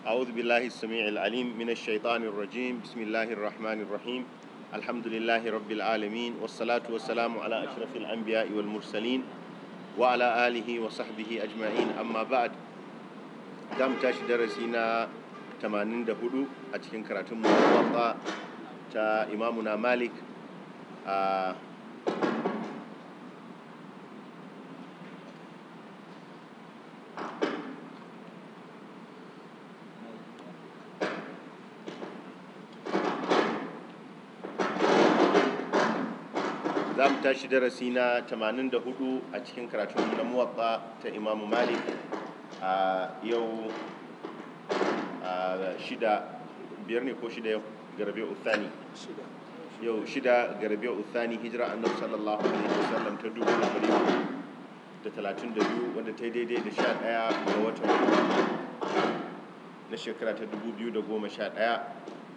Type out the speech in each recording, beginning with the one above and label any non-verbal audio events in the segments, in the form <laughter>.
أعوذ بالله السميع العليم من الشيطان الرجيم بسم الله الرحمن الرحيم الحمد لله رب العالمين والصلاة والسلام على أشرف الأنبياء والمرسلين وعلى آله وصحبه أجمعين أما بعد دام تاش درسينا 84 أتكن كراتم موطا تا إمامنا مالك آه mu tashi darasi na 84 a cikin karatun na ta imamu malik a yau a shida biyar ne ko shida yau uthani yau shida garabe uthani hijira annabi sallallahu alaihi wasallam ta dubu da dari da talatin da biyu wanda ta yi daidai da sha ɗaya ga watan na shekara ta dubu biyu da goma sha ɗaya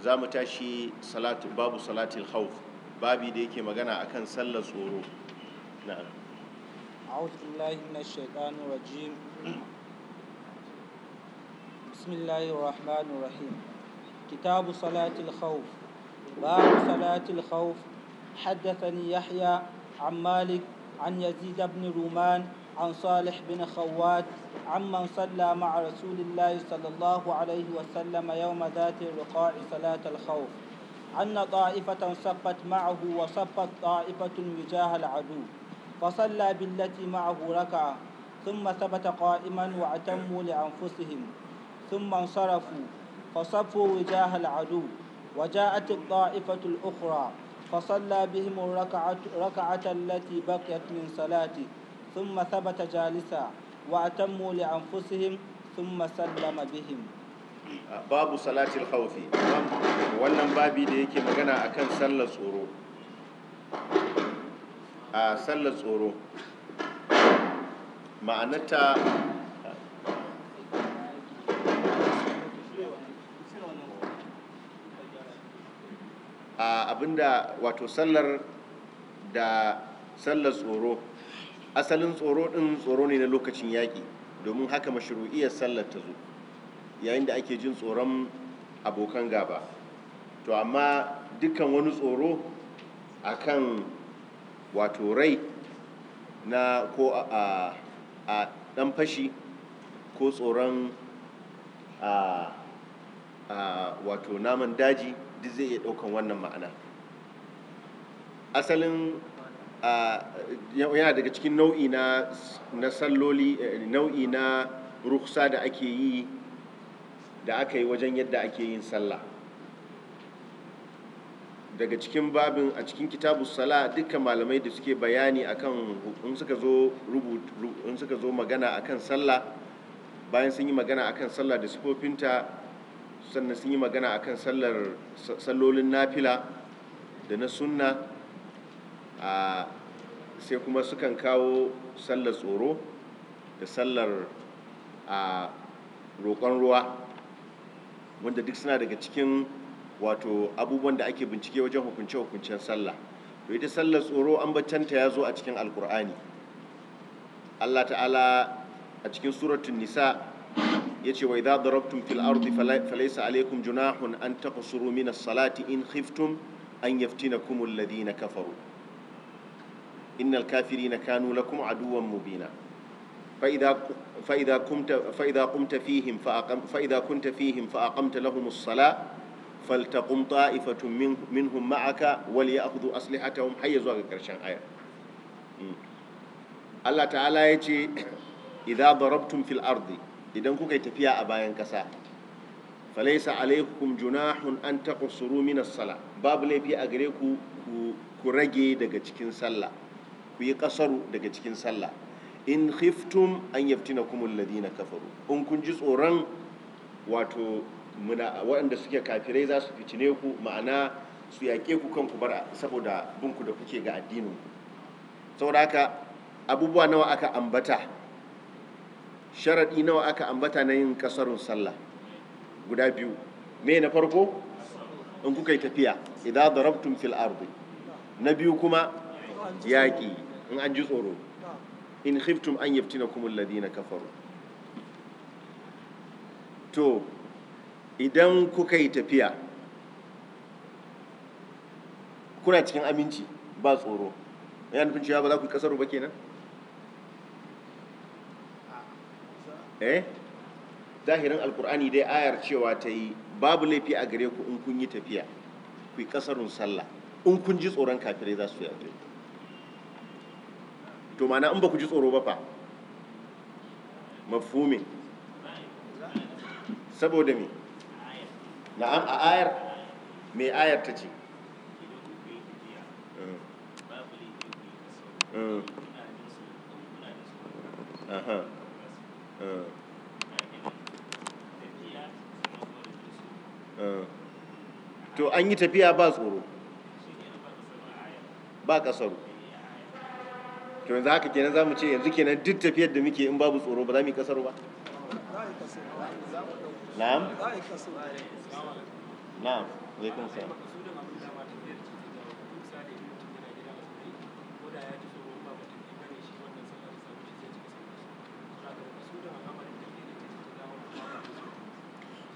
za mu tashi babu salatul khawf babi da yake magana akan sallar tsoro na'am a'udhu billahi minash shaitanir rajim bismillahir rahmanir rahim kitabu salatil babu salatil khawf حدثني يحيى عن مالك عن يزيد بن رومان عن صالح بن خوات عمن صلى مع رسول الله صلى الله عليه وسلم يوم ذات الرقاع صلاة الخوف أن طائفة صفت معه وصفت طائفة وجاه العدو فصلى بالتي معه ركعة ثم ثبت قائما واعتموا لأنفسهم ثم انصرفوا فصفوا وجاه العدو وجاءت الطائفة الأخرى فصلى بهم الركعة ركعة التي بقيت من صلاته ثم ثبت جالسا وأتموا لأنفسهم ثم سلم بهم babu salatil khawfi wannan babi da yake magana kan sallar tsoro a sallar tsoro ma'anarta a abinda wato sallar da sallar tsoro asalin tsoro din tsoro ne na lokacin yaƙi domin haka mashru'iyar sallar ta zo yayin da ake jin tsoron abokan gaba to amma dukkan wani tsoro kan wato rai na ko a dan fashi ko tsoron a wato naman daji duk zai iya daukan wannan ma'ana asalin yana daga cikin nau'i na salloli eh, nau'i na ruhsa da ake yi da aka yi wajen yadda ake yin sallah daga cikin babin a cikin kitabu sala duka malamai da suke bayani akan in suka zo in suka zo magana akan sallah bayan sun yi magana akan sallah da sifofinta sannan sun yi magana akan sallar sallolin nafila da na sunna a sai kuma sukan kawo sallar tsoro da sallar a roƙon ruwa wanda duk suna daga cikin wato abubuwan da ake bincike wajen hukunce-hukuncen sallah to ita sallar tsoro an bacanta ya zo a cikin alkur'ani allah ta'ala a cikin suratun nisa ya ce wa idha darabtum fil ardi falaysa alaykum junahun an taqsuru min as-salati in khiftum an yaftinakum alladhina kafaru innal kafirina kanu lakum aduwwan mubina fa idan kunta fihim fa aqamta lahum as-sala fal taqum ta'ifatun minhum ma'aka wal ya'khudhu aslihatahum hayya zuwa karshen aya Allah ta'ala yace idan darabtum fil ardi idan kuka tafiya a bayan kasa falaysa alaykum junahun an taqsuru min sala babu laifi a gare ku rage daga cikin sallah ku yi kasaru daga cikin sallah in khiftum an yaftinakum alladhina kafaru in kun ji tsoron wato waɗanda suke kafirai za su fitine ku ma'ana su yaƙe ku kanku bar saboda binku da kuke ga addinin saboda haka abubuwa nawa aka ambata sharaɗi nawa aka ambata na yin ƙasarun sallah guda biyu me na farko in kuka yi tafiya idan darabtum fil ardi na biyu kuma yaƙi in an ji tsoro in khiftum an yaftinakum alladhina kafaru to idan kuka yi tafiya kuna cikin aminci ba tsoro ya nufin cewa ba za ku yi kasar ba kenan eh zahirin alkur'ani dai ayar cewa ta yi babu laifi a gare ku in kun yi tafiya ku yi kasarun sallah in kun ji tsoron kafirai za su yi to mana in ba ku ji tsoro ba fa mafhumin saboda me na'am a ayar me ayar ta ce to an yi tafiya ba tsoro ba kasaru to yanzu haka kenan zamu ce yanzu kenan duk tafiyar da muke in babu tsoro ba za mu yi kasar ba na'am na'am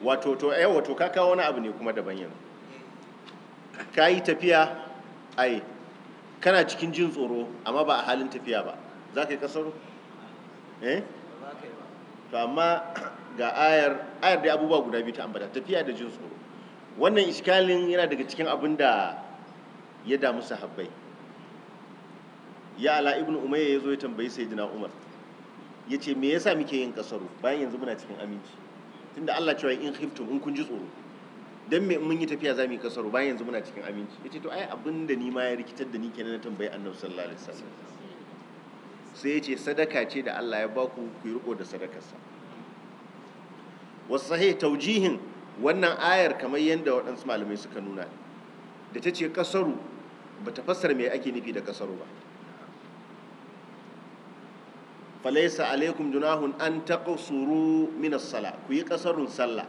wato to eh wato ka kawo wani abu ne kuma daban yanzu ka yi tafiya ai kana cikin jin tsoro amma ba a halin tafiya ba za ka yi kasar eh to amma <clears throat> ga ayar ayar da abubuwa guda biyu ta ambata tafiya da jin tsoro wannan iskalin yana daga cikin abin da ya damu sahabbai ya ala ibn umayya ya zo ya tambayi sayyidina umar ya ce me yasa muke yin kasaru bayan yanzu muna cikin aminci tunda Allah cewa in khiftum in kun ji tsoro dan me mun yi tafiya za mu yi kasaro bayan yanzu muna cikin aminci yace to ai abin da ni ma ya rikitar da ni kenan na tambayi annabi sallallahu alaihi wasallam sai yace sadaka ce da Allah ya baku ku yi riko da sadakarsa wasu wasahi taujihin wannan ayar kamar yadda waɗansu malamai suka nuna da ta ce kasaru ba ta fassara me ake nufi da kasaru ba falaisa alaikum junahun an taqsuru min as-sala ku yi kasarun sallah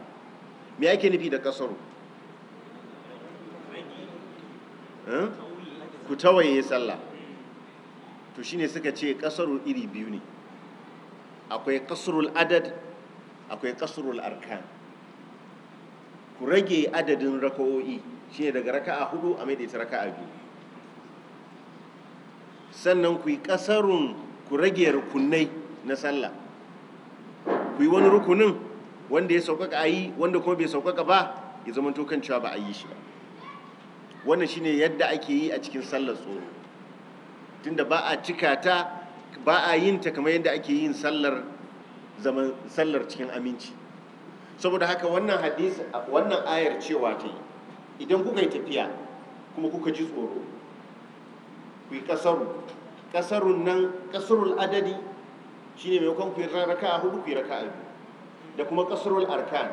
me yake nufi da kasaru ku tawaye sallah to shine suka ce kasaru iri biyu ne akwai kasarul adad akwai kasarul arkan ku rage adadin raka'o'i shine daga raka'a hudu a maidaita raka'a biyu sannan ku yi kasarun ku rage rukunai na sallah ku yi wani rukunin wanda ya saukaka a yi wanda kuma bai saukaka ba ya zama tokan cewa ba a yi shi ba wannan shine yadda ake yi a cikin sallar tsoro tunda ba a cika ta ba a yin ta kamar yadda ake yin sallar zaman sallar cikin aminci saboda haka wannan hadis wannan ayar cewa ta yi idan kuka yi tafiya kuma kuka ji tsoro ku yi kasaru kasarun nan kasarul adadi shine maimakon ku yi a hudu ku yi raka'a biyu da kuma kasrul arkan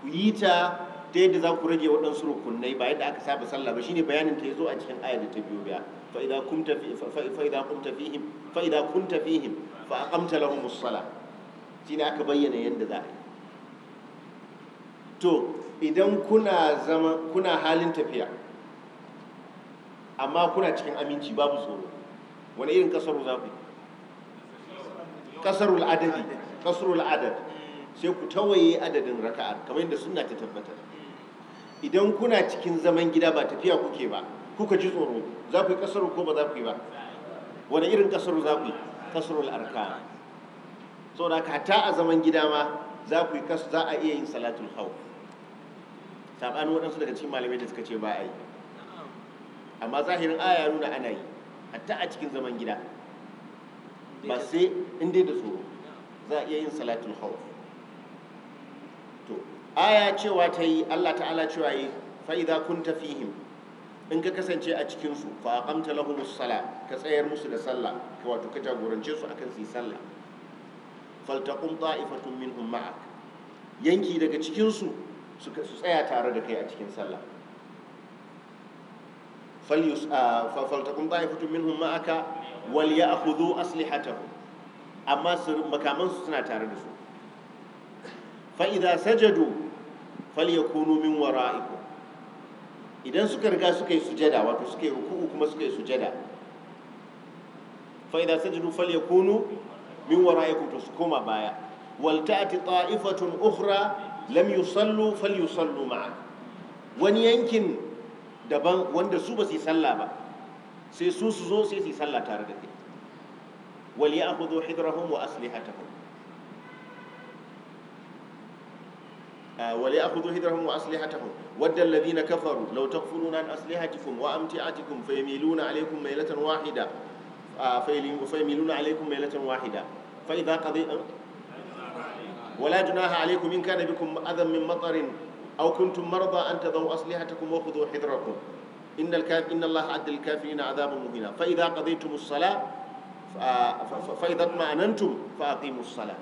ku yi ta ta yadda za ku rage waɗansu rukunai ba yadda aka saba sallah ba shine bayanin ta yazo a cikin ayar da ta biyo biya fa idza kunta fi fa idza kunta fihim fa idza kunta fihim fa aqamta lahum as shine aka bayyana yadda za a yi to idan kuna zama kuna halin tafiya amma kuna cikin aminci babu tsoro wani irin kasaru za ku yi kasarul adadi kasarul adadi sai ku tawaye adadin raka'a kamar yadda sunna ta tabbatar idan kuna cikin zaman gida ba tafiya kuke ba kuka ji tsoro za ku yi kasaro ko ba za ku yi ba wani irin kasaro za ku yi kasarul arka saboda haka hatta a zaman gida ma za ku yi kasu za a iya yin salatul hau sabanin waɗansu daga cikin malamai da suka ce ba a yi amma zahirin aya nuna ana yi hatta a cikin zaman gida ba sai inda da tsoro za a iya yin salatul hau aya cewa ta yi Allah ta'ala cewa yi fa'iza kun tafihim in ka kasance a cikinsu fa aqamta lahumus sala ka tsayar musu da sallah ka wato ka jagorance su akan su yi sallah Faltaƙun ta'ifatun minhum ma'ak yanki daga cikinsu su tsaya tare da kai a cikin sallah faltaqum ta'ifatun minhum ma'aka wal ya'khudhu aslihatahum amma makamansu suna tare da su fa idza sajadu falyakunu min wara'ikum idan suka riga suka yi sujada wato suka yi ruku'u kuma suka yi sujada fa idan sajadu falyakunu min wara'ikum to su koma baya wal ta'ti ta'ifatun ukhra lam yusallu falyusallu ma'a wani yankin daban wanda su ba su yi sallah ba sai su su zo sai su yi sallah tare da kai wal ya'khudhu hidrahum wa aslihatahum آه، وليأخذوا هدرهم وأسلحتهم ود الذين كفروا لو تغفلون عن أسلحتكم وأمتعتكم فيميلون عليكم ميلة واحدة آه، فيميلون عليكم ميلة واحدة فإذا قضي أه؟ ولا جناح عليكم إن كان بكم أذى من مطر أو كنتم مرضى أن تضعوا أسلحتكم وخذوا حذركم إن, الكاف إن الله عد الكافرين عذابا مهينا فإذا قضيتم الصلاة فإذا اطمأننتم فأقيموا الصلاة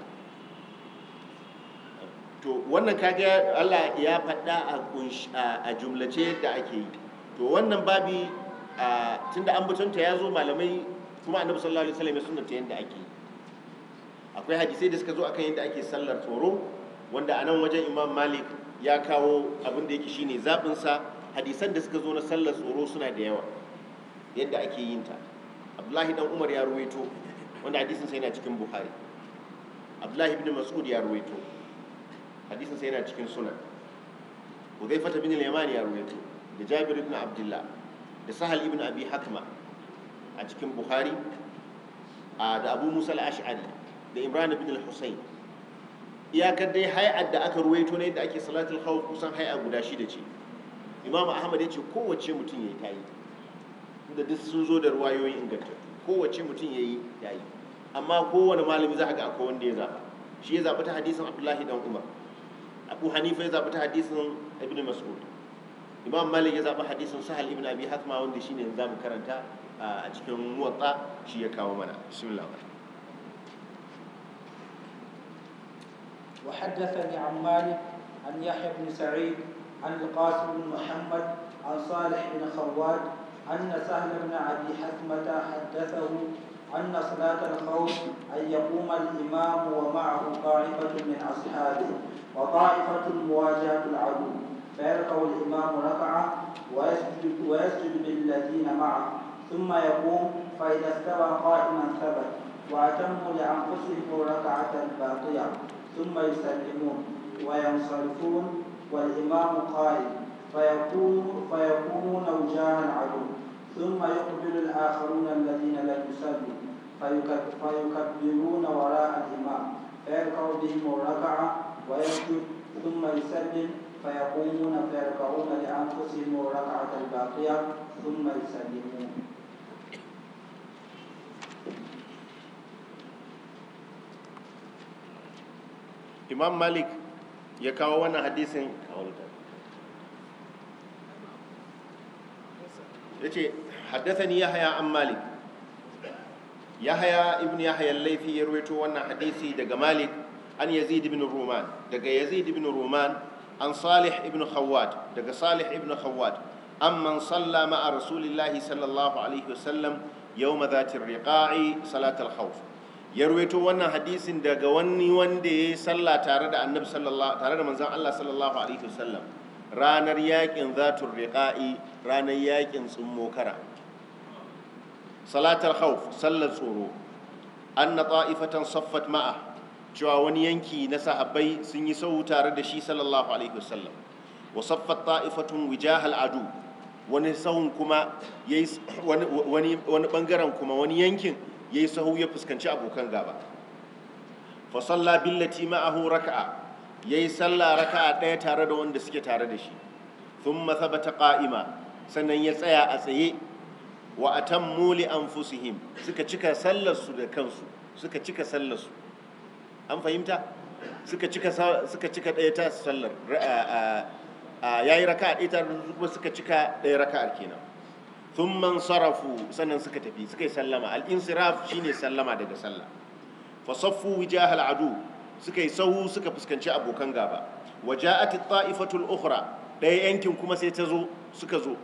to wannan kaga Allah ya faɗa a jumlace da ake yi to wannan babi tunda an ambatonta ya zo malamai kuma annabi sallallahu alaihi wasallam ya sunnata yadda ake yi akwai hadisai da suka zo akan yadda ake sallar tsoro wanda a nan wajen imam malik ya kawo abin da yake shine sa, hadisan da suka zo na sallar tsoro suna da yawa yadda ake yin ta abdullahi dan umar ya ruwaito wanda hadisin sa yana cikin buhari abdullahi ibn mas'ud ya ruwaito hadisin sa yana cikin sunan Hudhaifah bin al-Yaman ya ruwaito da Jabir ibn Abdullah da Sahal ibn Abi Hakma a cikin Bukhari da Abu Musa al-Ash'ari da Imran ibn al-Husayn iyakar dai hay'ar da aka ruwaito ne da ake salatul khawf kusan hay'a guda shida ce Imam Ahmad ya ce kowace mutum yayi tayi da duk sun zo da ruwayoyi ingantattu kowace mutum yayi tayi amma kowane malami za a ga akwai wanda ya zaba shi ya zaba ta hadisin Abdullahi dan Umar abu hanifa ya zaɓi ta hadisin ibn mas'ud imam malik ya zaɓi hadisin sahal ibn abi hathma wanda shine yanzu zamu karanta a cikin muwatta shi ya kawo mana bismillah وحدثني عن مالك عن يحيى بن سعيد عن القاسم بن محمد عن صالح بن خواد أن سهل بن أبي حثمة حدثه أن صلاة الخوف أن يقوم الإمام ومعه طائفة من أصحابه وطائفة مواجهة العدو فيركع الإمام ركعة ويسجد, ويسجد بالذين معه ثم يقوم فإذا استوى قائما ثبت وأتموا لأنفسهم ركعة باقية ثم يسلمون وينصرفون والإمام قائم فيقوم فيكونون وجاه العدو ثم يقبل الآخرون الذين لم يسلموا فيكبرون وراء الإمام فيركع بهم الركعة ويسجد ثم يسلم فيقومون فيركعون لأنفسهم الركعة الباقية ثم يسلمون Imam Malik ya kawo wannan hadisin ya ce haddasa ni ya haya an Malik Yahaya ibn yahya laifi ya ruwaito wannan hadisi daga malik an yazid ibn ruman daga yazid ibn ruman an salih ibn khawwat daga salih ibn khawwat amma salla ma'a rasulillahi sallallahu alaihi wasallam ma dhati riqa'i salatal khawf ya ruwaito wannan hadisin daga wani wanda ya salla tare da annabi sallallahu tare da manzon Allah sallallahu alaihi wasallam ranar yakin zatul riqa'i ranar yakin tsummokara salatar khawf sallar tsoro na ta'ifatan saffat ma'a cewa wani yanki na sahabbai sun yi sau tare da shi sallallahu alaihi wasallam wa saffat ta'ifatun wijahal adu wani sahun kuma wani bangaren kuma wani yankin yi sahu ya fuskanci abokan gaba fa salla billati ma'ahu raka'a yayi salla raka'a ɗaya tare da wanda suke tare da shi thumma thabata ƙa'ima sannan ya tsaya a tsaye wa atammu li anfusihim suka cika sallarsu da kansu suka cika sallarsu an fahimta suka cika suka cika ɗaya ta sallar yayi raka'a ɗaya ta kuma suka cika ɗaya raka'ar kenan thumma sarafu sannan suka tafi suka yi sallama al shi ne sallama daga sallah fa saffu wijahal adu suka yi sahu suka fuskanci abokan gaba waja'at at-ta'ifatul ukhra ɗaya yankin kuma sai ta zo suka zo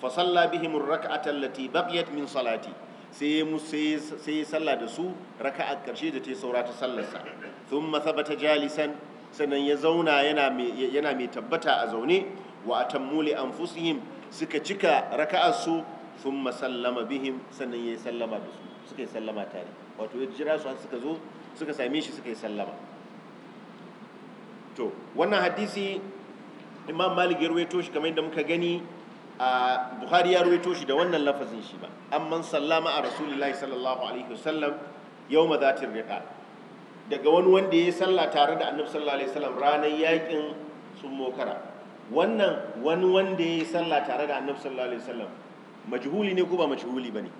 fa salla bihim ar-rak'ata allati baqiyat min salati sai mu sai sai salla da su raka'a karshe da ta saura ta sallarsa thumma thabata jalisan sannan ya zauna yana mai yana mai tabbata a zaune wa atammu li anfusihim suka cika raka'ar su thumma sallama bihim sanan ya sallama da su suka yi sallama tare wato ya jira su suka zo suka same shi suka yi sallama to wannan hadisi imam malik ya rawaito shi kamar yadda muka gani a buhari ya ruwaito shi da wannan lafazin shi ba amman sallama a rasulullahi sallallahu alaihi wasallam yau ma zatin riƙa daga wani wanda ya yi sallah tare da annabi sallallahu alaihi wasallam ranar yakin mokara. wannan wani wanda ya yi sallah tare da annabi sallallahu alaihi wasallam majhuli ne ko ba majhuli ba ne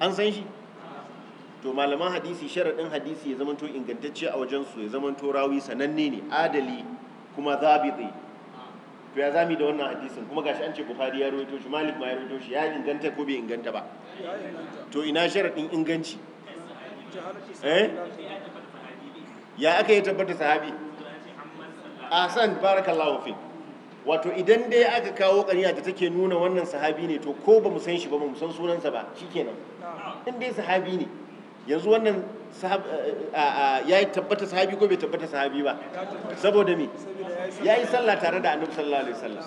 an san shi to malaman hadisi sharaɗin hadisi ya zamanto ingantacce a wajensu ya zamanto rawi sananne ne adali kuma zabiti to ya zami da wannan hadisin kuma gashi an ce bukhari ya rawaito shi malik ma ya rawaito shi ya inganta ko bai inganta ba to ina sharadin inganci eh ya aka yi tabbata sahabi ahsan barakallahu fi wato idan dai aka kawo ƙarya da take nuna wannan sahabi ne to ko ba mu san shi ba mu san sunansa ba shikenan in dai sahabi ne yanzu wannan Eh, eh, ya yi tabbata sahabi ko bai tabbata sahabi ba saboda me ya yi sallah tare da annabi sallallahu alaihi wasallam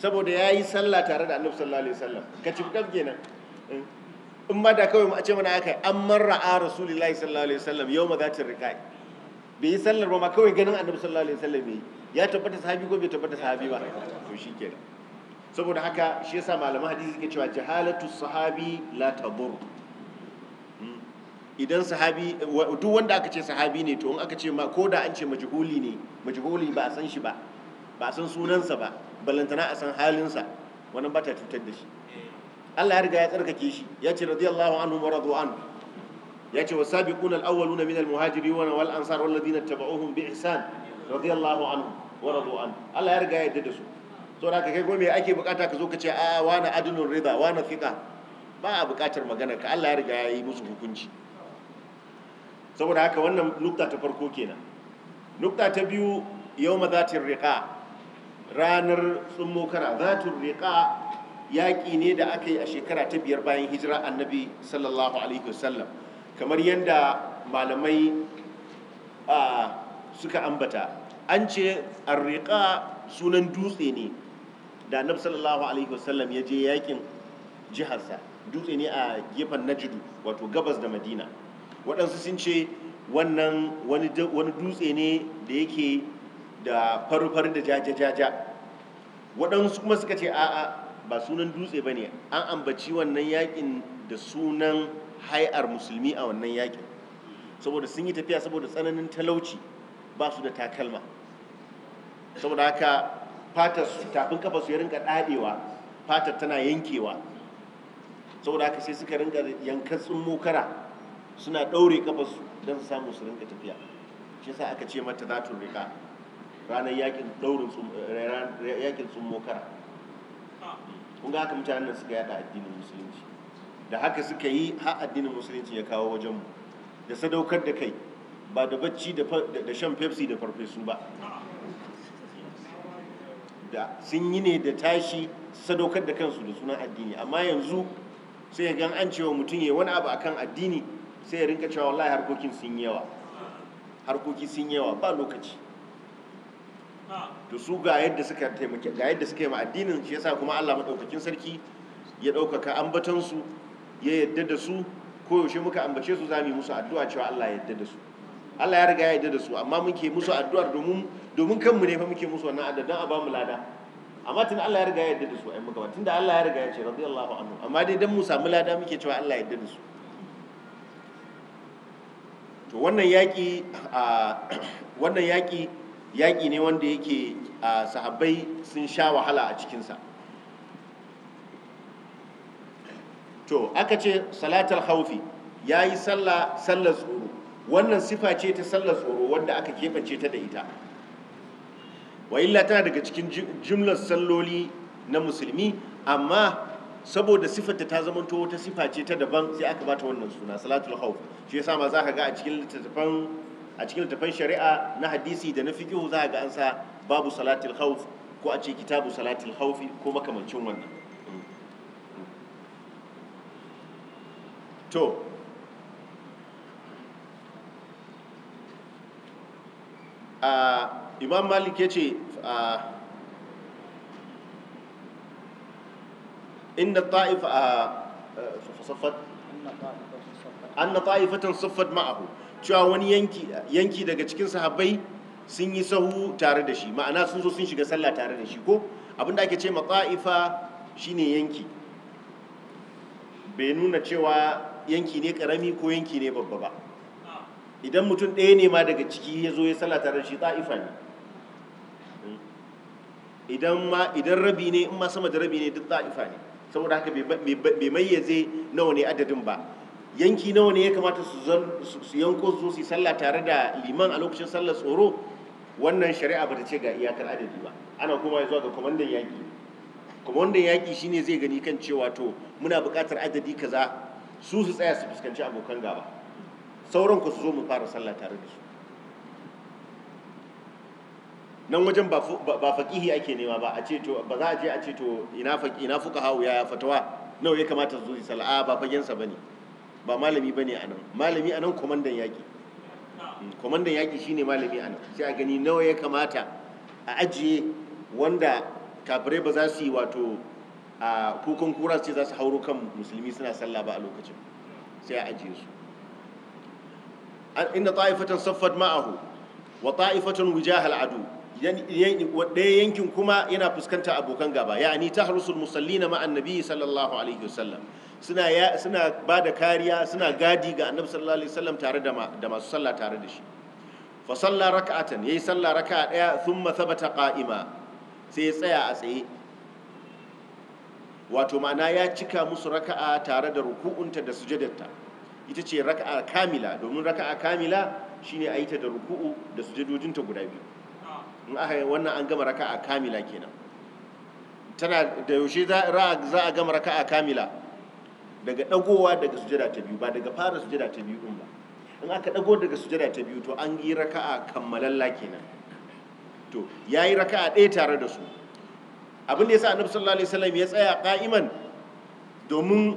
saboda ya yi sallah tare da annabi sallallahu alaihi wasallam ka ci kaf kenan eh. in ma da kawai mu a ce mana aka an marra a rasulullahi sallallahu alaihi wasallam yau ma zatin rikai bai yi sallar ba ma kawai ganin annabi sallallahu alaihi wasallam yayi ya tabbata sahabi ko bai tabbata sahabi ba to shikenan saboda haka shi yasa malaman hadisi suke cewa jahalatu sahabi la tadur idan sahabi duk wanda aka ce sahabi ne to in aka ce ma ko da an ce majhuli ne majhuli ba a san shi ba ba a san sunansa ba balantana a san halinsa wannan ba ta cutar da shi Allah ya riga ya tsarkake shi ya ce radiyallahu anhu wa radu an ya ce wasabiqun al-awwalun min al-muhajiri wa wal ansar wal ladina tabauhum bi ihsan radiyallahu anhu wa radu an Allah ya riga ya yadda da su to da kai gome ake bukata ka zo ka ce a wani adilun rida wani fiqa ba a bukatar magana ka Allah ya riga ya yi musu hukunci saboda haka wannan nukta ta farko kenan nukta ta biyu yau ma zatin riƙa ranar tsummo kara zatin riƙa yaƙi ne da aka yi a shekara ta biyar bayan hijira annabi sallallahu alaihi wasallam kamar yadda malamai suka ambata an ce arriƙa sunan dutse ne da annabi sallallahu alaihi wasallam ya je yaƙin jiharsa dutse ne a gefen najidu wato gabas da madina waɗansu sun ce wannan wani dutse ne da yake da farfar da jajajaja waɗansu kuma suka ce a'a ba sunan dutse ba ne an ambaci wannan yakin da sunan hai'ar musulmi a wannan yakin saboda sun yi tafiya saboda tsananin talauci ba su da takalma saboda haka fatar su tafin kafa su ya rinka fatar tana yankewa saboda haka sai suka rinka yankan tsummokara suna ɗaure kafarsu don su samu su rinka tafiya shi sa aka ce mata za tun rika ranar yakin ɗaurin yakin sun mokara kun ga haka mutanen nan suka yada addinin musulunci da haka suka yi ha addinin musulunci ya kawo wajenmu da sadaukar da kai ba da bacci da shan pepsi da farfesu ba da sun yi ne da tashi sadaukar da kansu da sunan addini amma yanzu sai gan an cewa mutum ya wani abu akan addini sai ya rinka cewa wallahi harkokin sun yawa harkoki sun yawa ba lokaci to su ga yadda suka taimake ga yadda suka yi ma addinin shi yasa kuma Allah madaukakin sarki ya ɗaukaka ambaton su ya yadda da su koyaushe muka ambace su zamu yi musu addu'a cewa Allah ya yadda da su Allah ya riga ya yadda da su amma muke musu addu'ar domin domin kanmu ne fa muke musu wannan addu'a a ba mu lada amma tun Allah ya riga ya yadda da su ai muka ba tunda Allah ya riga ya ce radiyallahu anhu amma dai dan mu samu lada muke cewa Allah ya yadda da su to wannan yaƙi wannan yaƙi yaƙi ne wanda yake a sahabbai sun sha wahala a cikinsa to aka ce salatar haufi ya yi sallah sallar tsoro wannan sifa ce ta sallar tsoro wanda aka keɓance ta da ita wa illa tana daga cikin jimlar salloli na musulmi amma saboda sifarta ta zamanto wata sifa ce ta daban sai aka bata wannan suna salatul khawf shi yasa ma zaka ga a cikin littattafan a cikin littattafan shari'a na hadisi da na fiqh zaka ga an sa babu salatul khawf ko a ce kitabu salatul khawf ko makamancin wannan to a imam malik yace a inna ta'ifa a... An anna ta'ifatan saffat ma'ahu cewa wani yanki yanki daga cikin sahabbai sun yi sahu tare da shi ma'ana sun zo sun shiga sallah tare da shi ko abinda ake ce 'ta'ifa shine yanki bai nuna cewa yanki ne karami ko yanki ne babba ba idan mutum ɗaya ne ma daga ciki ya zo ya sallah tare da shi ta'ifa ne idan ma idan rabi ne in ma sama da rabi ne duk ta'ifa ne saboda haka bai mayyaze nawa ne adadin ba yanki nawa ne ya kamata su yanko su su sallah tare da liman a lokacin sallar tsoro wannan shari'a ba ta ce ga iyakar adadi ba ana kuma zuwa ga kwamandan yaƙi kwamandan yaƙi shine zai gani kan cewa to muna buƙatar adadi kaza su su tsaya su fuskanci abokan gaba sauran ku su zo mu fara sallah tare da su nan wajen ba faƙihi ake nema ba a ce to ba za a je a ce to ina faƙi ina fuka hawo yaya fatawa nawa ya kamata su zo sal'a ba fagensa bane ba malami bane a nan malami a nan komandan yaƙi hmm, komandan yaƙi shine malami a nan sai a gani nawa ya kamata a ajiye wanda kafirai ba za su yi wato a kukan kura ce za su hauro kan musulmi suna sallah ba a lokacin sai a ajiye su inda ta'ifatan saffat ma'ahu wa ta'ifatun wijahal adu ɗaya yankin kuma yana fuskanta abokan gaba ya'ani ta harusul musalli na ma'an nabi sallallahu alaihi wasallam suna suna ba da kariya suna gadi ga annabi sallallahu alaihi wasallam tare da masu sallah tare da shi fa salla raka'atan yayi salla raka'a daya thumma thabata qa'ima sai ya tsaya a tsaye wato ma'ana ya cika musu raka'a tare da ruku'unta da sujadarta ita ce raka'a kamila domin raka'a kamila shine a yi ta da ruku'u da sujadojinta guda biyu in wannan an gama raka'a kamila kenan tana da yaushe za a gama raka'a kamila daga dagowa daga sujada ta biyu ba daga fara sujada ta biyu ba in aka dago daga sujada ta biyu to an yi raka'a kammalalla kenan to raka raka'a ɗaya tare da su abin da yasa annabi sallallahu alaihi wasallam ya tsaya ka'iman domin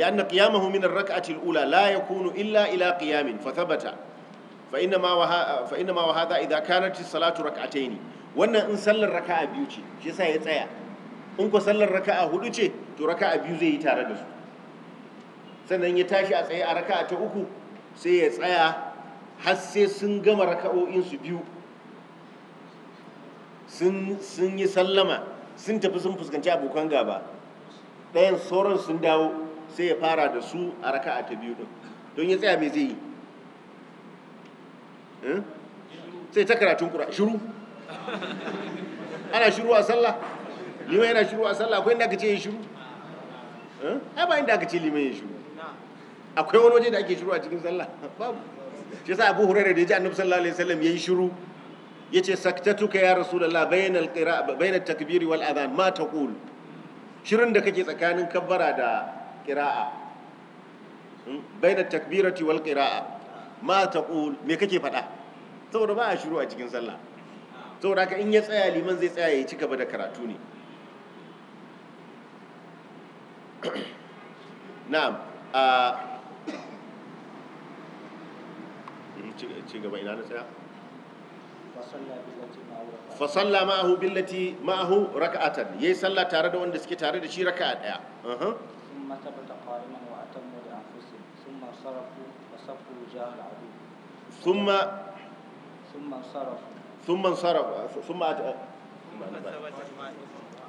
a raka a tilula la ya لا illa ila إلى fa فثبت fa inna ma wa hadha idza kanat salatu rak'ataini wannan in sallar raka'a biyu ce shi sa ya tsaya in ku sallar raka'a hudu ce to raka'a biyu zai yi tare da su sannan ya tashi a tsaye a raka'a ta uku sai ya tsaya har sai sun gama raka'o'in su biyu sun yi sallama sun tafi sun fuskanci abokan gaba ɗayan sauran sun dawo sai ya fara da su a raka'a ta biyu don ya tsaya me zai yi Eh? sai ta karatun ƙura shiru ana shiru a sallah liman yana shiru a sallah akwai inda aka ce yin shiru eh? ai ba inda aka ce liman yin shiru akwai wani waje da ake shiru a cikin sallah babu shi yasa abu hurairar da ya ji annabi sallallahu alaihi wasallam yi shiru yace saktatuka ya rasulullah bainal qira'a bainat takbiri wal adhan ma taqul shirin da kake tsakanin kabbara da qira'a hmm, bainat takbirati wal qira'a ma taqul me kake faɗa saboda ba a shiru a cikin sallah saboda haka in ya tsaya liman zai tsaya ya ci gaba da karatu ne <coughs> na'am a <coughs> ci gaba ina na tsaya fasalla ma'ahu billati ma'ahu raka'atan yayi sallah tare da wanda suke tare da shi raka'a daya uh -huh. ثم ثم انصرف ثم انصرف ثم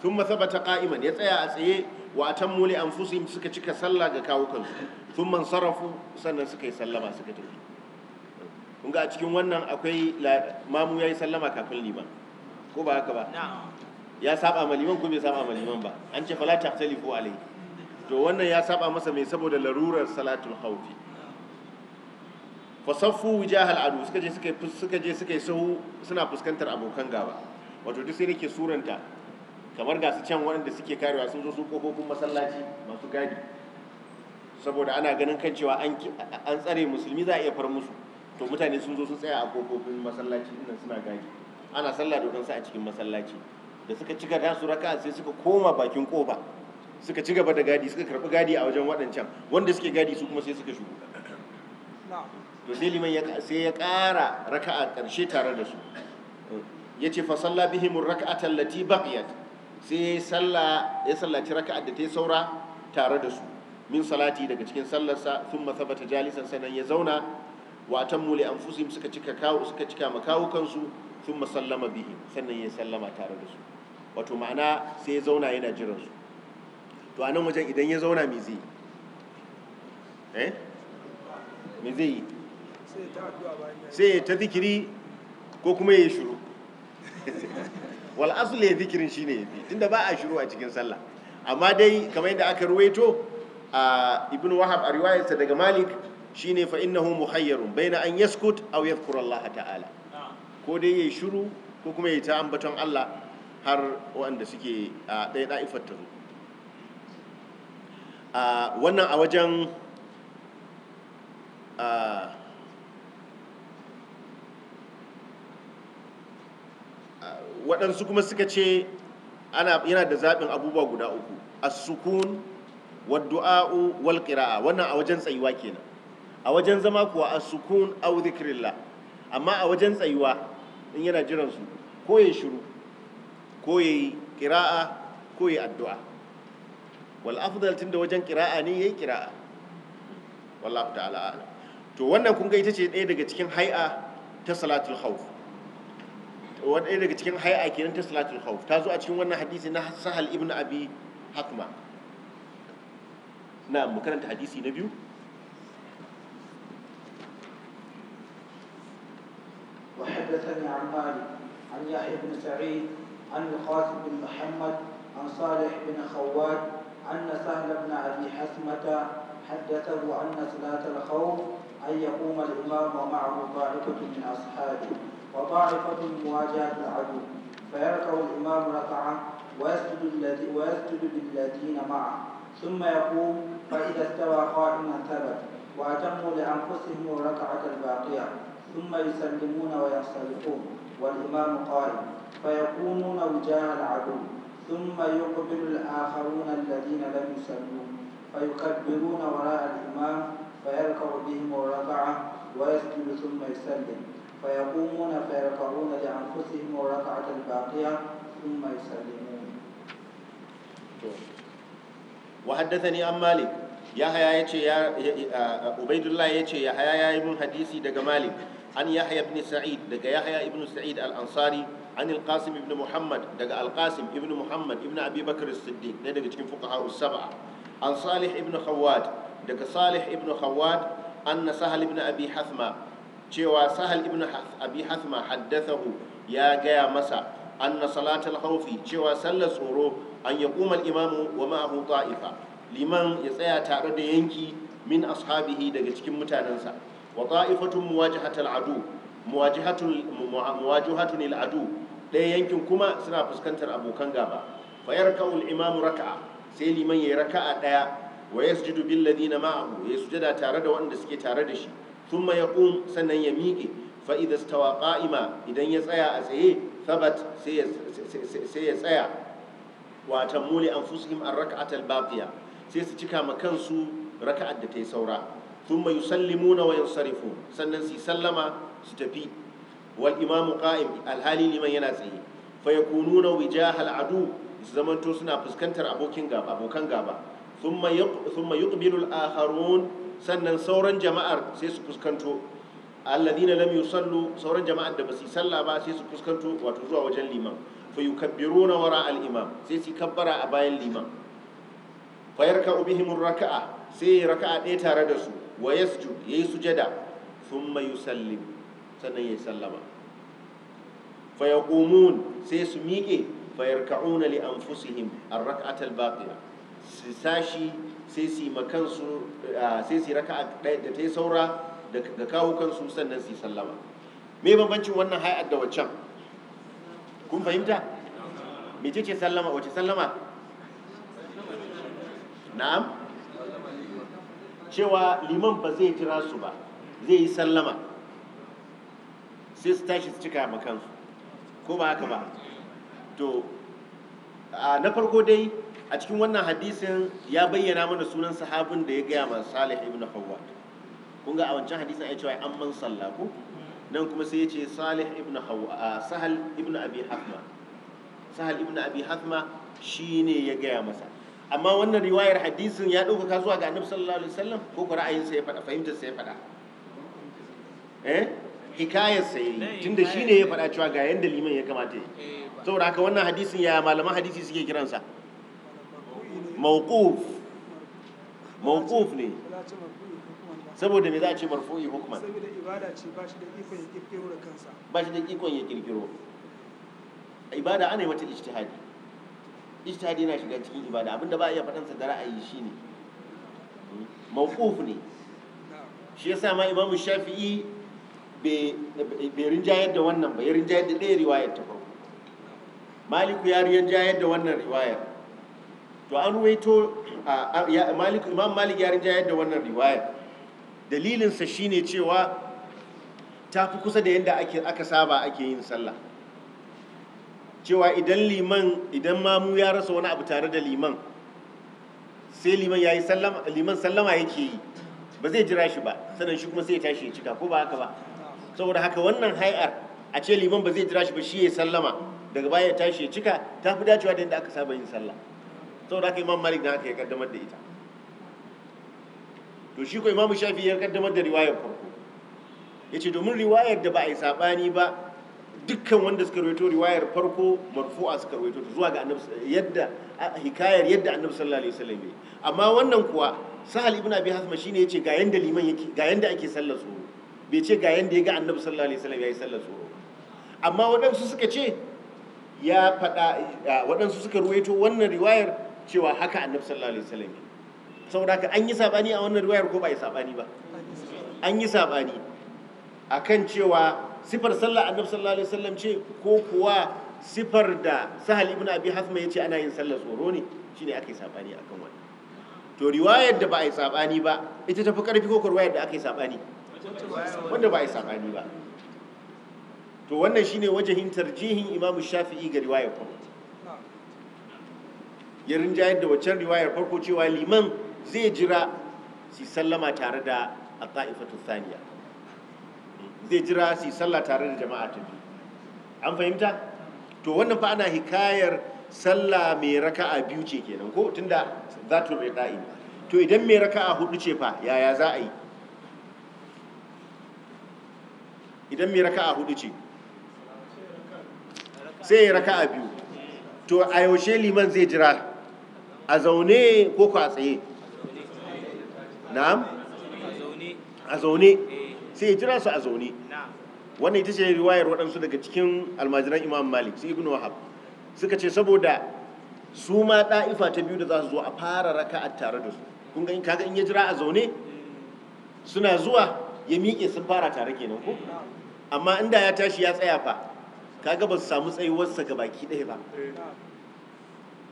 ثم ثبت قائما يتسيا اتسيه واتموا لانفسهم suka cika sallah ga kawo kansu ثم انصرفوا sannan suka yi sallama suka tafi kun ga a cikin wannan akwai mamu yayi sallama kafin liman ko ba haka ba ya saba ma liman ko bai saba ma liman ba an ce fala tahtalifu alai to wannan ya saba masa mai saboda larurar salatul khawfi fasaffu wijahal adu suka je suka suka je suka yi sahu suna fuskantar abokan gaba wato duk sai nake suranta kamar ga su can waɗanda suke karewa sun zo su kofofin masallaci masu gadi saboda ana ganin kan cewa an an tsare musulmi za a iya far musu to mutane sun zo sun tsaya a kofofin masallaci inda suna gadi ana sallah da sa a cikin masallaci da suka ci gaba su raka'a sai suka koma bakin kofa suka ci gaba da gadi suka karbi gadi a wajen waɗancan wanda suke gadi su kuma sai suka shugo to sai liman ya sai ya ƙara raka'a ƙarshe tare da su yace fa salla bihim rak'ata allati baqiyat sai salla ya sallaci raka'a da ta saura tare da su min salati daga cikin sallarsa thumma thabata jalisan sanan ya zauna wa atammu li anfusihim suka cika kawo suka cika makawo kansu thumma sallama bihim sannan ya sallama tare da su wato ma'ana sai ya zauna yana jiran su to anan wajen idan ya zauna me zai eh me zai yi sai ta zikiri ko kuma ya shiru <laughs> wal asli ya zikirin shine ya fi tunda ba a shiru a cikin sallah amma dai kamar yadda aka ruwaito a ibn wahab a riwayarsa daga malik shine fa innahu muhayyarun baina an yaskut aw yadhkura Allah ta'ala ko dai yayi shiru ko kuma yayi ta ambaton Allah har waɗanda suke a ɗaya da'ifar ta zo wannan a wajen waɗansu kuma suka ce yana da zaɓin abubuwa guda uku a sukun waddu'a'u wal ƙira'a wannan a wajen tsayuwa kenan a wajen zama kuwa a sukun aw amma a wajen tsayuwa in yana jiran su ko ya shiru ko ƙira'a, ko addu'a wal afdal da wajen ƙira'a ne yayi qira'a wallafu ta'ala to wannan kunga ita ce ɗaya daga cikin hai'a ta salatul hauf wani daga cikin hay'a kenan ta salatul khawf ta zo a cikin wannan hadisi na sahal ibn abi hakma na mu karanta hadisi na biyu وحدثني عن مالك عن يحيى بن سعيد عن القاسم بن محمد عن صالح بن خواد أن سهل بن أبي حسمة حدثه أن صلاة الخوف أن يقوم الإمام ومعه طائفة من أصحابه وطائفة مواجهة العدو فيركع الإمام ركعة ويسجد الذي ويسجد للذين معه ثم يقوم فإذا استوى قائما ثبت وأتموا لأنفسهم الركعة الباقية ثم يسلمون وينصرفون والإمام قائم فيكونون وجاه العدو ثم يقبل الآخرون الذين لم يسلموا فيكبرون وراء الإمام فيركع بهم الركعة ويسجد ثم يسلم فيقومون فيركعون لأنفسهم الركعة الباقية ثم يسلمون وحدثني عن مالك يحيى يتي يا عبيد الله يتي يحيى يا ابن حديثي دغ مالك عن يحيى بن سعيد دغ يحيى ابن سعيد الأنصاري عن القاسم ابن محمد دغ القاسم ابن محمد ابن أبي بكر الصديق ده دغ cikin fuqaha السبعة عن صالح ابن خوات دغ صالح ابن خوات أن سهل ابن أبي حثمة cewa sahal ibn abi hathma haddathahu ya gaya masa anna salatal khawfi cewa sallar tsoro an yaquma al imamu wa ma'ahu ta'ifa liman ya tsaya tare da yanki min ashabihi daga cikin mutanensa wa ta'ifatun muwajihatul adu muwajihatul muwajihatun al adu ɗaya yankin kuma suna fuskantar abokan gaba fa yarka'u al imamu raka'a sai liman yayi raka'a ɗaya wa yasjudu bil ladina ma'ahu ya sujada tare da waɗanda suke tare da shi ya yaqum sanan ya miƙe fa idza idan ya tsaya a tsaye thabat sai ya tsaya wa tamuli anfusihim a rakat al-baqiya sai su cika ma kansu raka'at da ta yi saura thumma yusallimuna wa yansarifu sannan su sallama su tafi wal imamu ka'im alhali liman yana tsaye fa yakununa wijahal adu zamanto suna fuskantar abokin gaba abokan gaba thumma yuqbilu al sannan sauran jama'ar sai su fuskanto alladina lam yusallu sauran jama'ar da basu salla ba sai su fuskanto wato zuwa wajen liman fa yukabbiruna wara al imam sai su kabbara a bayan liman fa yarka'u bihim raka'a sai raka'a ɗaya tare da su wa yasjud yayi sujada thumma yusallim sannan yayi sallama fa yaqumun sai su miƙe fa yarka'una li anfusihim ar-rak'ata al-baqiya su sashi sai su yi makansu sai su yi raka da ta yi saura da kawo kansu sannan su yi sallama me bambancin wannan hay'ar da waccan kun fahimta mece ce sallama wace sallama na'am cewa liman ba zai kira su ba zai yi sallama sai su tashi su cika makansu ko ba haka ba to na farko dai a cikin wannan hadisin ya bayyana mana sunan sahabin da ya gaya ma salih ibn hawwad kun ga a wancan hadisin ya cewa an man sallaku, nan kuma sai ya ce salih ibn hawwa sahal ibn abi hatma sahal ibn abi hatma shine ya gaya masa amma wannan riwayar hadisin ya ɗaukaka zuwa ga annabi sallallahu alaihi wasallam ko ra'ayin ra'ayinsa ya fahimtar sa ya fada. eh hikayar sa yayi tunda shine ya fada cewa ga yanda liman ya kamata yi eh, saboda haka wannan hadisin ya malaman hadisi suke kiransa mawquf mawquf ne saboda me za a ce marfu'i hukman saboda ibada ce ba shi da ikon ya kirkiro da kansa ba shi da ikon ya kirkiro ibada ana yi wata ijtihadi ijtihadi yana shiga cikin ibada abinda ba a iya faɗansa da ra'ayi shine mawquf ne shi yasa ma imamu shafi'i bai rinjayar da wannan ba ya rinjayar da ɗaya riwayar ta farko maliku ya rinjayar da wannan riwayar to an ruwaito imam malik ya rinjayar da wannan riwayar dalilinsa shine cewa ta fi kusa da yadda aka saba ake yin sallah cewa idan liman idan mamu ya rasa wani abu tare da liman sai liman ya yi sallama liman sallama yake yi ba zai jira shi ba sannan shi kuma sai ya tashi ya cika ko ba haka ba saboda haka wannan hai'ar a ce liman ba zai jira shi ba shi ya sallama daga baya ya tashi ya cika ta fi dacewa da yadda aka saba yin sallah saboda haka imam malik da haka ya kaddamar da ita to shi ko imam shafi ya kaddamar da riwayar farko ya ce domin riwayar da ba a yi saɓani ba dukkan wanda suka rawaito riwayar farko marfu'a suka rawaito zuwa ga annabi yadda hikayar yadda annabi sallallahu alaihi wasallam amma wannan kuwa sahal ibn abi hasma shine yace ga yanda liman yake ga yanda ake sallar su bai ce ga yanda ya ga annabi sallallahu alaihi wasallam yayi sallar su amma waɗansu suka ce ya faɗa waɗansu suka ruwaito wannan riwayar cewa haka annabi sallallahu alaihi wasallam saboda haka an yi sabani a wannan riwayar ko ba yi sabani ba an yi sabani akan cewa sifar sallah annabi sallallahu alaihi wasallam ce ko kuwa sifar da sahal ibn abi hasma yace ana yin sallar tsoro ne shine aka yi sabani akan wannan to riwayar da ba a yi sabani ba ita tafi karfi ko riwayar da aka yi sabani wanda ba a yi sabani ba to wannan shine wajahin tarjihin imam shafi'i ga riwayar kuma ya rinjayar da waccan riwayar farko cewa liman zai jira su sallama tare da a ta'ifatu saniya. zai jira su sallah tare da jama'a ta biyu an fahimta to wannan fa ana hikayar sallah mai raka'a biyu ce kenan ko tunda za ta ɗa'i to idan mai raka'a hudu ce fa yaya za a yi idan mai raka'a hudu ce sai ya raka'a biyu to a yaushe liman zai jira a zaune ko ku a tsaye na'am a zaune sai ya jira su a zaune wannan ita ce riwayar waɗansu daga cikin almajiran imam malik su ibn wahab suka ce saboda su ma ɗa'ifa ta biyu da za su zo a fara a tare da su kun ga in kaga in ya jira a zaune suna zuwa ya miƙe sun fara tare kenan ko amma inda ya tashi ya tsaya fa kaga ba su samu tsayuwarsa ga baki ɗaya ba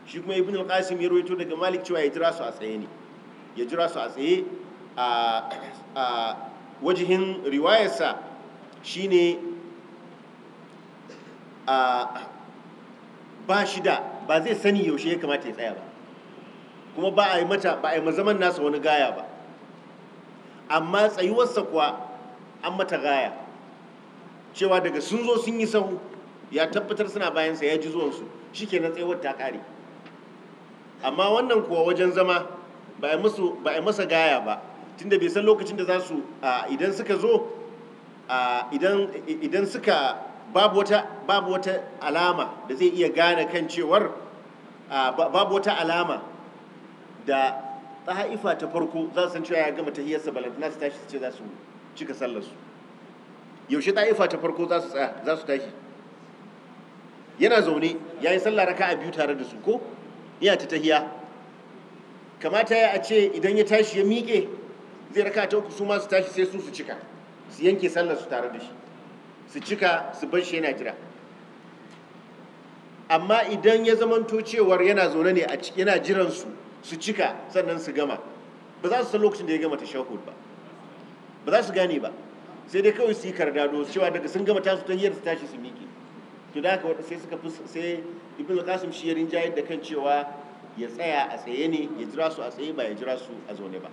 shi kuma ibn al-qasim ya rawaito daga malik cewa ya jira su a tsaye ne ya jira su a tsaye a wajihin riwayarsa shine a ba shi da ba zai sani yaushe ya kamata ya tsaya ba kuma ba a yi mata ba a yi mazaman nasa wani gaya ba amma tsayuwarsa kuwa an mata gaya cewa daga sun zo sun yi sahu ya tabbatar suna bayansa ya ji zuwansu shi na tsayuwar ta kare amma wannan kuwa wajen zama ba a yi masa gaya ba tunda bai san lokacin da za su idan suka zo idan suka babu wata alama da zai iya gane kan cewar babu wata alama da haifa ta farko za su san cewa ya gama tahiyarsa balantana su tashi su ce za su cika sallarsu yaushe ta'ifa ta farko za su tashi yana zaune ya yi sallah raka a biyu tare da su ko yana ta tahiya kamata ya a ce idan ya tashi ya miƙe zai raka ta uku su masu tashi sai su su cika su yanke sallar su tare da shi su cika su bar shi yana jira amma idan ya zama cewar yana zaune ne a yana jiran su su cika sannan su gama ba za su san lokacin da ya gama ta tashahhud ba ba za su gane ba sai dai kawai su yi kardado cewa daga sun gama tasu tahiyar su tashi su miƙe to da haka sai suka fi sai al qasim shi ya rinjayar da kan cewa ya tsaya a tsaye ne ya jira su a tsaye ba ya jira su a zaune ba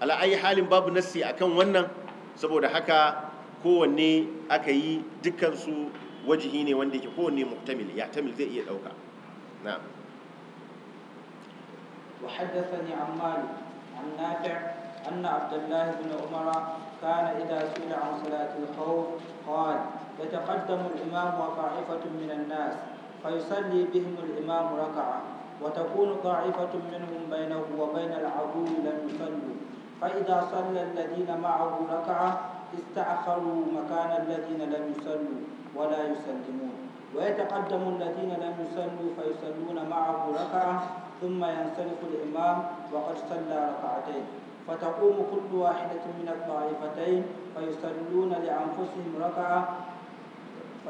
ala ayi halin babu nassi akan wannan saboda haka kowanne aka yi dukkan su wajihi ne wanda yake kowanne muhtamil ya tamil zai iya dauka na'am wa haddathani ammal an nafi' anna abdullahi ibn umara kana كان sila an salati al-khawf qala يتقدم الإمام وطائفة من الناس فيصلي بهم الإمام ركعة وتكون طائفة منهم بينه وبين العدو لم يصلوا فإذا صلى الذين معه ركعة استأخروا مكان الذين لم يصلوا ولا يسلمون ويتقدم الذين لم يصلوا فيصلون معه ركعة ثم ينصرف الإمام وقد صلى ركعتين فتقوم كل واحدة من الطائفتين فيصلون لأنفسهم ركعة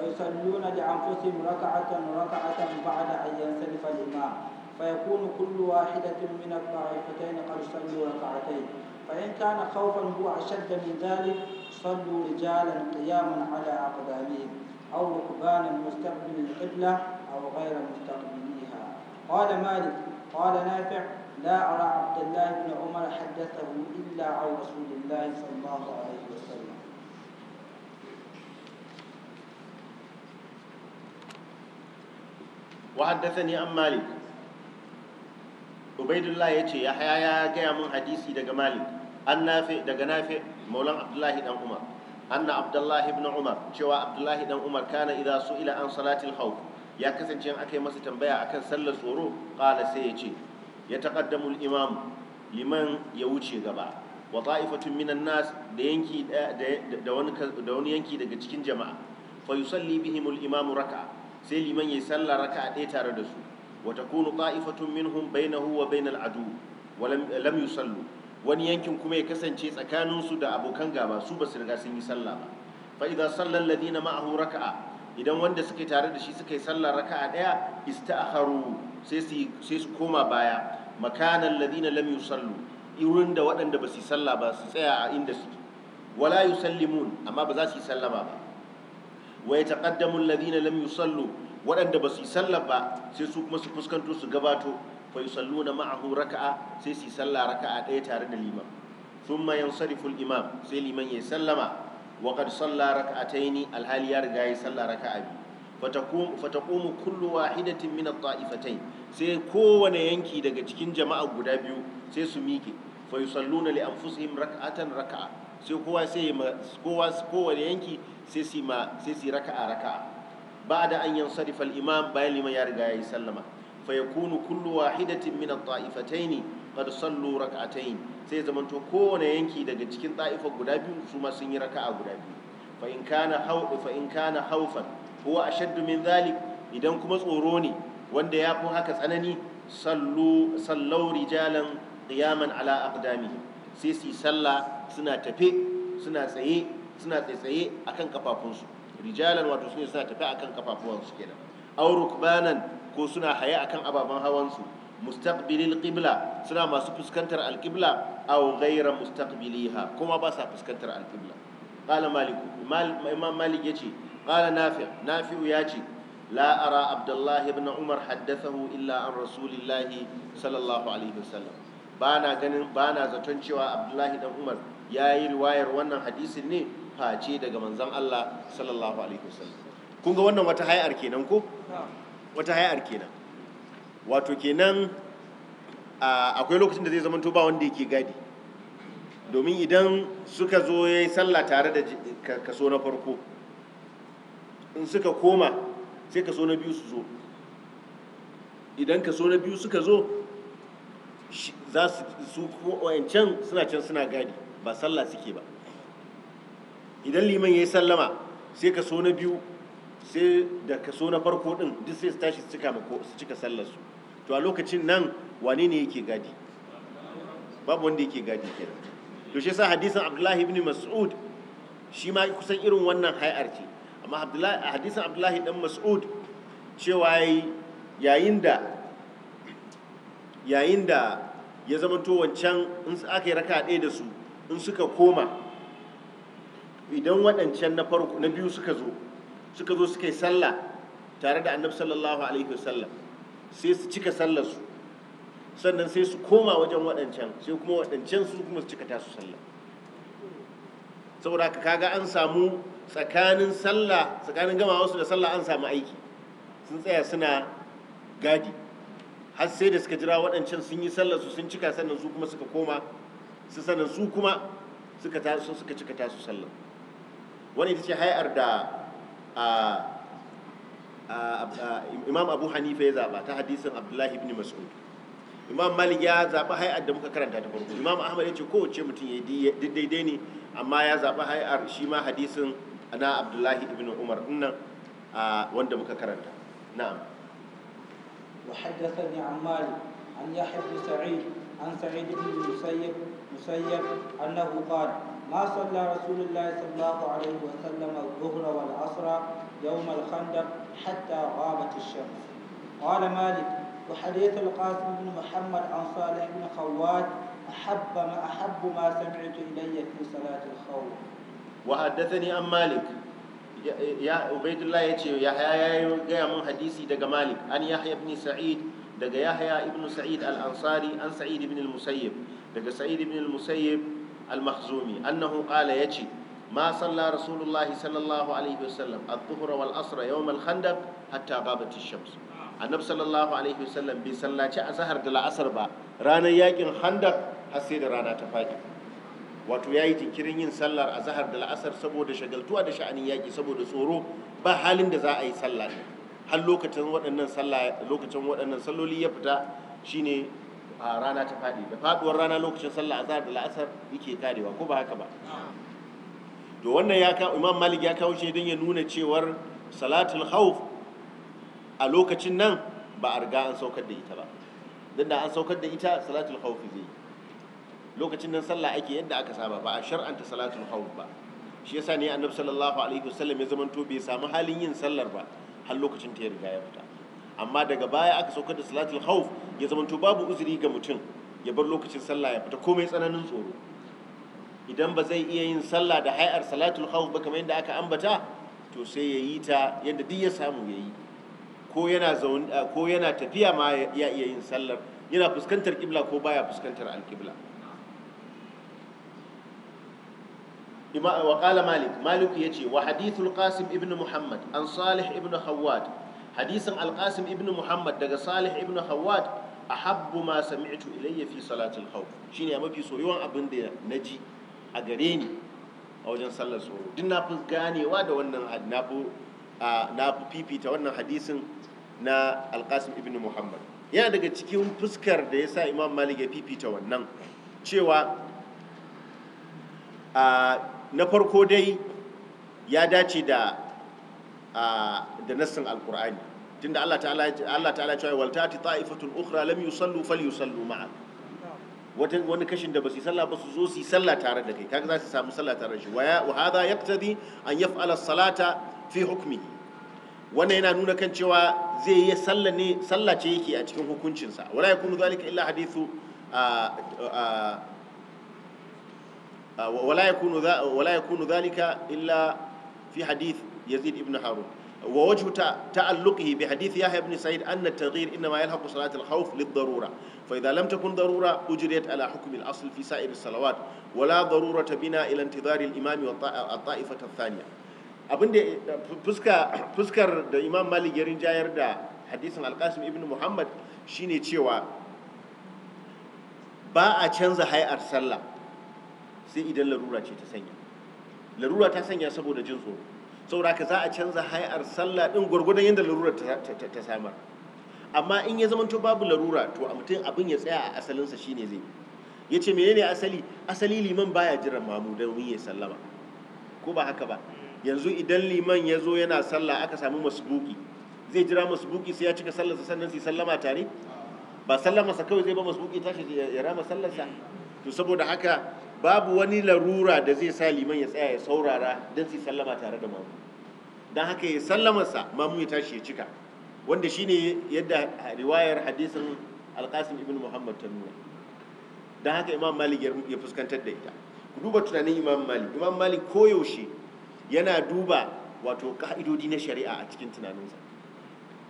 ويصلون لأنفسهم ركعة ركعة بعد أن ينسلف الإمام فيكون كل واحدة من الطائفتين قد صلوا ركعتين فإن كان خوفا هو أشد من ذلك صلوا رجالا قياما على أقدامهم أو ركبانا مستقبل القبلة أو غير مستقبليها قال مالك قال نافع لا أرى عبد الله بن عمر حدثه إلا عن رسول الله صلى الله عليه وسلم wa haddathani an malik ubaidullah ya ce yahya ya gaya min hadisi daga malik an nafi daga nafi maulan abdullahi dan umar anna abdullahi ibn umar cewa abdullahi dan umar kana su ila an salatil khawf ya kasance in aka yi masa tambaya akan sallar tsoro qala sai ya ce ya taqaddamu al liman ya wuce gaba wa ta'ifatun minan nas da wani yanki daga cikin jama'a fa yusalli bihimul imamu raka. sai liman ya sallah raka'a ɗaya tare da su wata kunu qa'ifatun minhum bainahu wa bainal adu wa lam yusallu wani yankin kuma ya kasance tsakanin su da abokan gaba su ba su riga sun yi sallah ba fa idza sallal ladina ma'ahu raka'a idan wanda suke tare da shi suka yi sallah raka'a ɗaya ista'kharu sai su sai su koma baya makanan ladina lam yusallu irin da waɗanda ba su yi sallah ba su tsaya a inda suke wala yusallimun amma ba za su yi sallama ba wa ya taƙaddamun ladina lam yusallu waɗanda ba su yi sallah ba sai su kuma su fuskanto su gabato fa na ma'ahu raka'a sai su yi sallah raka'a ɗaya tare da liman thumma yansarifu sariful imam sai liman ya yi sallama wa ta salla ni alhali ya riga ya yi salla raka'a biyu fatakumu kullu wahidatin min at sai kowane yanki daga cikin jama'a guda biyu sai su miƙe fa yusalluna li anfusihim raka'atan raka'a sai kowa sai kowa kowane yanki sai su ma a su raka'a raka'a ba'da an yansarifa al-imam bayan liman ya riga yayi sallama fa kunu kullu wahidatin min at-ta'ifatayn qad sallu ne sai zaman to kowane yanki daga cikin ta'ifa guda biyu su ma sun yi raka'a guda biyu fa in kana hau fa in kana hawfan min dhalik idan kuma tsoro ne wanda ya fi haka tsanani sallu sallau rijalan qiyaman ala aqdamihim sai su yi sallah suna tafe suna tsaye suna tsaitsaye akan kafafunsu rijalan wato sune suna tafi akan kafafuwansu kenan aw rukbanan ko suna haye akan ababen hawansu mustaqbilil qibla suna masu fuskantar alqibla aw ghayra mustaqbiliha kuma ba sa fuskantar alqibla qala malik imam malik yace qala nafi nafi yace لا أرى عبد الله بن عمر حدثه إلا عن رسول الله صلى الله ganin bana zaton cewa Abdullahi dan Umar yayi riwayar wannan hadisin ne face daga manzon Allah sallallahu alaihi wasallam kun ga wannan wata hayar kenan ko wata hayar kenan wato kenan akwai lokacin da zai zama to ba wanda yake gadi domin idan suka zo yayi sallah tare da kaso na farko in suka koma sai kaso na biyu su zo idan kaso na biyu suka zo za su wayancan suna can suna gadi ba sallah suke ba idan liman ya yi sallama sai so na biyu sai da kaso na farko din duk sai su tashi su cika sallarsu to a lokacin nan wane ne yake gadi babu wanda yake gadi kenan to shi sa hadisan abdullahi ibn mas'ud shi ma kusan irin wannan hay'ar ce amma hadisan abdullahi dan mas'ud cewa yayin da yayin da ya zamanto wancan in aka yi raka ɗaya da su in suka koma idan waɗancan na farko na biyu suka zo suka zo suka yi sallah tare da annabi sallallahu alaihi wasallam sai su cika sallar su sannan sai su koma wajen waɗancan sai kuma waɗancan su kuma su cika tasu sallah saboda ka kaga an samu tsakanin sallah tsakanin gama wasu da sallah an samu aiki sun tsaya suna gadi har sai da suka jira waɗancan sun yi sallar su sun cika sannan su kuma suka koma su sannan su kuma suka su suka cika tasu sallar wani ita ce hayar da imam abu hanifa ya zaɓa ta hadisin abdullahi ibn mas'ud imam malik ya zaɓi hayar da muka karanta ta farko imam ahmad ya ce kowace mutum ya daidai ne amma ya zaɓi hayar shi ma hadisin na abdullahi ibn umar nan wanda muka karanta na'am وحدثني عن مالك عن يحيى بن سعيد عن سعيد بن المسيب مسيب انه قال ما صلى رسول الله صلى الله عليه وسلم الظهر والعصر يوم الخندق حتى غابت الشمس قال مالك وحديث القاسم بن محمد عن صالح بن خوات أحب ما أحب ما سمعت إلي في صلاة الخوف وحدثني عن مالك يا عبيد الله ce يا حيا يا يا من حديثي malik مالك ان يحيى بن سعيد yahya يحيى ابن سعيد الانصاري ان سعيد بن المسيب musayyib سعيد بن المسيب almahzumi makhzumi annahu qala yace ma salla rasulullahi sallallahu alaihi wasallam adh-dhuhra wal asra yawm al hatta ghabat ash-shams annabi sallallahu alaihi wasallam bai sallaci azhar da la'asar ba ranar yakin khandaq har rana ta wato yayi jinkirin yin sallar zahar da la'asar saboda shagaltuwa da sha'anin yaki saboda tsoro ba halin da za a yi sallah har lokacin waɗannan lokacin waɗannan salloli ya fita shine a rana ta faɗi da faɗuwar rana lokacin sallah azhar da la'asar yake karewa ko ba haka ba to wannan ya kawo imam malik ya kawo shi don ya nuna cewar salatul khawf a lokacin nan ba a riga an saukar da ita ba don an saukar da ita salatul khawf zai yi. lokacin nan sallah ake yadda aka saba ba a shar'anta salatul khawf ba shi yasa ne annabi sallallahu alaihi wasallam ya zamanto bai samu halin yin sallar ba har lokacin ta ya riga ya fita amma daga baya aka saukar da salatul khawf ya zamanto babu uzuri ga mutum ya bar lokacin sallah ya fita komai tsananin tsoro idan ba zai iya yin sallah da hayar salatul khawf ba kamar yadda aka ambata to sai ya yi ta yadda duk ya samu ya yi ko yana ko yana tafiya ma ya iya yin sallar yana fuskantar kibla ko baya fuskantar alkibla wa qala malik malik yace wa hadithul qasim ibn muhammad an salih ibn khawwat hadisin Alƙasim ibn muhammad daga salih ibn hawad ahabbu ma sami'tu ilayya fi salatil khawf shine mafi soyuwan abin da naji a gare ni a wajen sallar tsoro duk na fi ganewa da wannan na fi fifita wannan hadisin na alkasim ibn muhammad yana daga cikin fuskar da ya sa imam malik ya fifita wannan cewa na farko dai ya dace da da nassin alkur'ani tunda Allah ta'ala Allah ta'ala ya ce wal tati ta'ifatun ukhra lam yusallu falyusallu ma'a wata wani kashin da basu sallah ba su zo su sallah tare da kai kaga za su samu sallah tare da shi wa hadha yaqtadi an yaf'ala salata fi hukmihi wannan yana nuna kan cewa zai yi sallah ne sallah ce yake a cikin hukuncinsa wala yakunu zalika illa hadithu wala yakunu wala yakunu zalika illa fi hadith yazid ibn harun wa wajhu ta'alluqihi bi hadith yahya ibn sa'id anna at-taghyir inma yalhaqu salat al-khawf lid ala hukm al fi sa'ir as-salawat bina ila intidhar al-imam wa at abinda fuskar da imam malik ya rinjayar da hadisin Alkasim qasim ibn muhammad shine cewa ba canza hay'ar sallah sai idan larura ce ta sanya larura ta sanya saboda jin tsoro saboda ka za a canza hayar sallah din gwargwadon yadda larura ta samar amma in ya zama to babu larura to a mutum abin ya tsaya a asalinsa shine zai ya ce menene asali asali liman baya jiran mamu don yi sallama ko ba haka ba yanzu idan liman ya zo yana sallah aka samu masbuki zai jira masbuki sai ya cika sallarsa sannan su sallama tare ba sallamarsa kawai zai ba masbuki tashi ya rama sallarsa to saboda haka babu wani larura da zai sa liman ya tsaya ya saurara don su sallama tare da mamu don haka ya sallamarsa mamu ya tashi ya cika wanda shine yadda riwayar hadisin alkasim ibn muhammad ta nuna don haka imam malik ya fuskantar da ita ku duba tunanin imam malik imam malik koyaushe yana duba wato ka'idodi na shari'a a cikin tunaninsa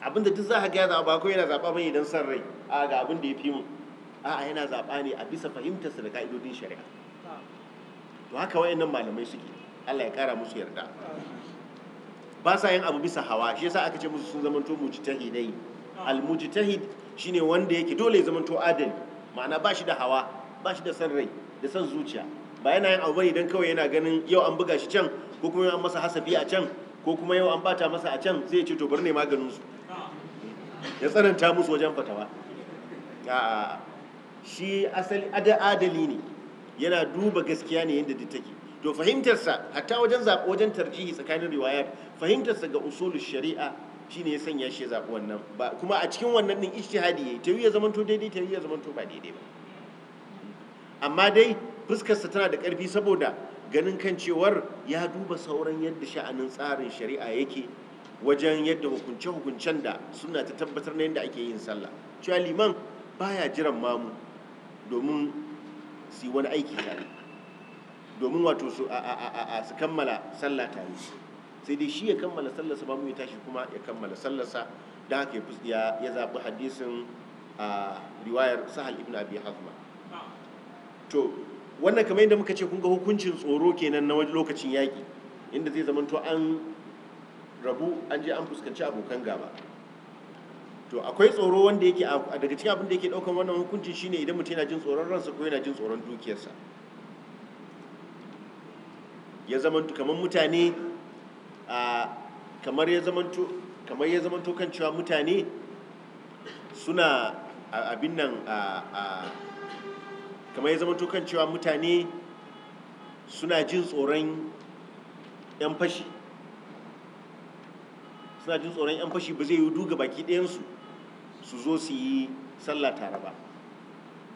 abinda duk za ka gaya ya zaɓa ko yana zaɓa mai don son rai a ga abin da ya fi mu a'a yana zaɓa ne a bisa fahimtarsa da ka'idodin shari'a to haka wayannan malamai suke Allah ya kara musu yarda ba sa yin abu bisa hawa shi yasa aka ce musu sun zamanto mujtahidai al mujtahid shine wanda yake dole ya zamanto adali ma'ana ba shi da hawa ba shi da san rai da san zuciya ba yana yin abu bane dan kawai yana ganin yau an buga shi can ko kuma yau an masa hasabi a can ko kuma yau an bata masa a can zai ce to bari ne maganin su ya tsananta musu wajen fatawa shi asali adali ne yana duba gaskiya ne yadda duk take to fahimtarsa hatta wajen zaɓi wajen tarjihi tsakanin riwayat fahimtarsa ga usulul shari'a shine ya sanya shi zaɓi wannan ba kuma a cikin wannan din ijtihadi ta tawi ya zamanto daidai tawi ya zamanto ba daidai ba amma dai fuskarsa tana da ƙarfi saboda ganin kan cewar ya duba sauran yadda sha'anin tsarin shari'a yake wajen yadda hukunce-hukuncen da suna ta tabbatar na yadda ake yin sallah cewa liman baya jiran mamu domin su yi wani aiki tare domin wato su kammala sallah tare sai dai shi ya kammala sallarsa ba mu ya tashi kuma ya kammala sallarsa don haka ya ya zaɓi hadisin a riwayar sahal ibn abi hazma to wannan kamar yadda muka ce kun ga hukuncin tsoro kenan na wani lokacin yaƙi inda zai zamanto an rabu an je an fuskanci abokan gaba to akwai tsoro wanda yake daga cikin abin da yake daukar wannan hukuncin shine idan mutum yana jin tsoron ransa ko yana jin tsoron dukiyarsa ya zamanto kamar mutane a kamar ya zamanto kamar ya zamanto kan cewa mutane suna abin nan a kamar ya zamanto kan cewa mutane suna jin tsoron 'yan fashi suna jin tsoron 'yan fashi ba zai yi duga baki ɗayansu su zo su yi sallah tare ba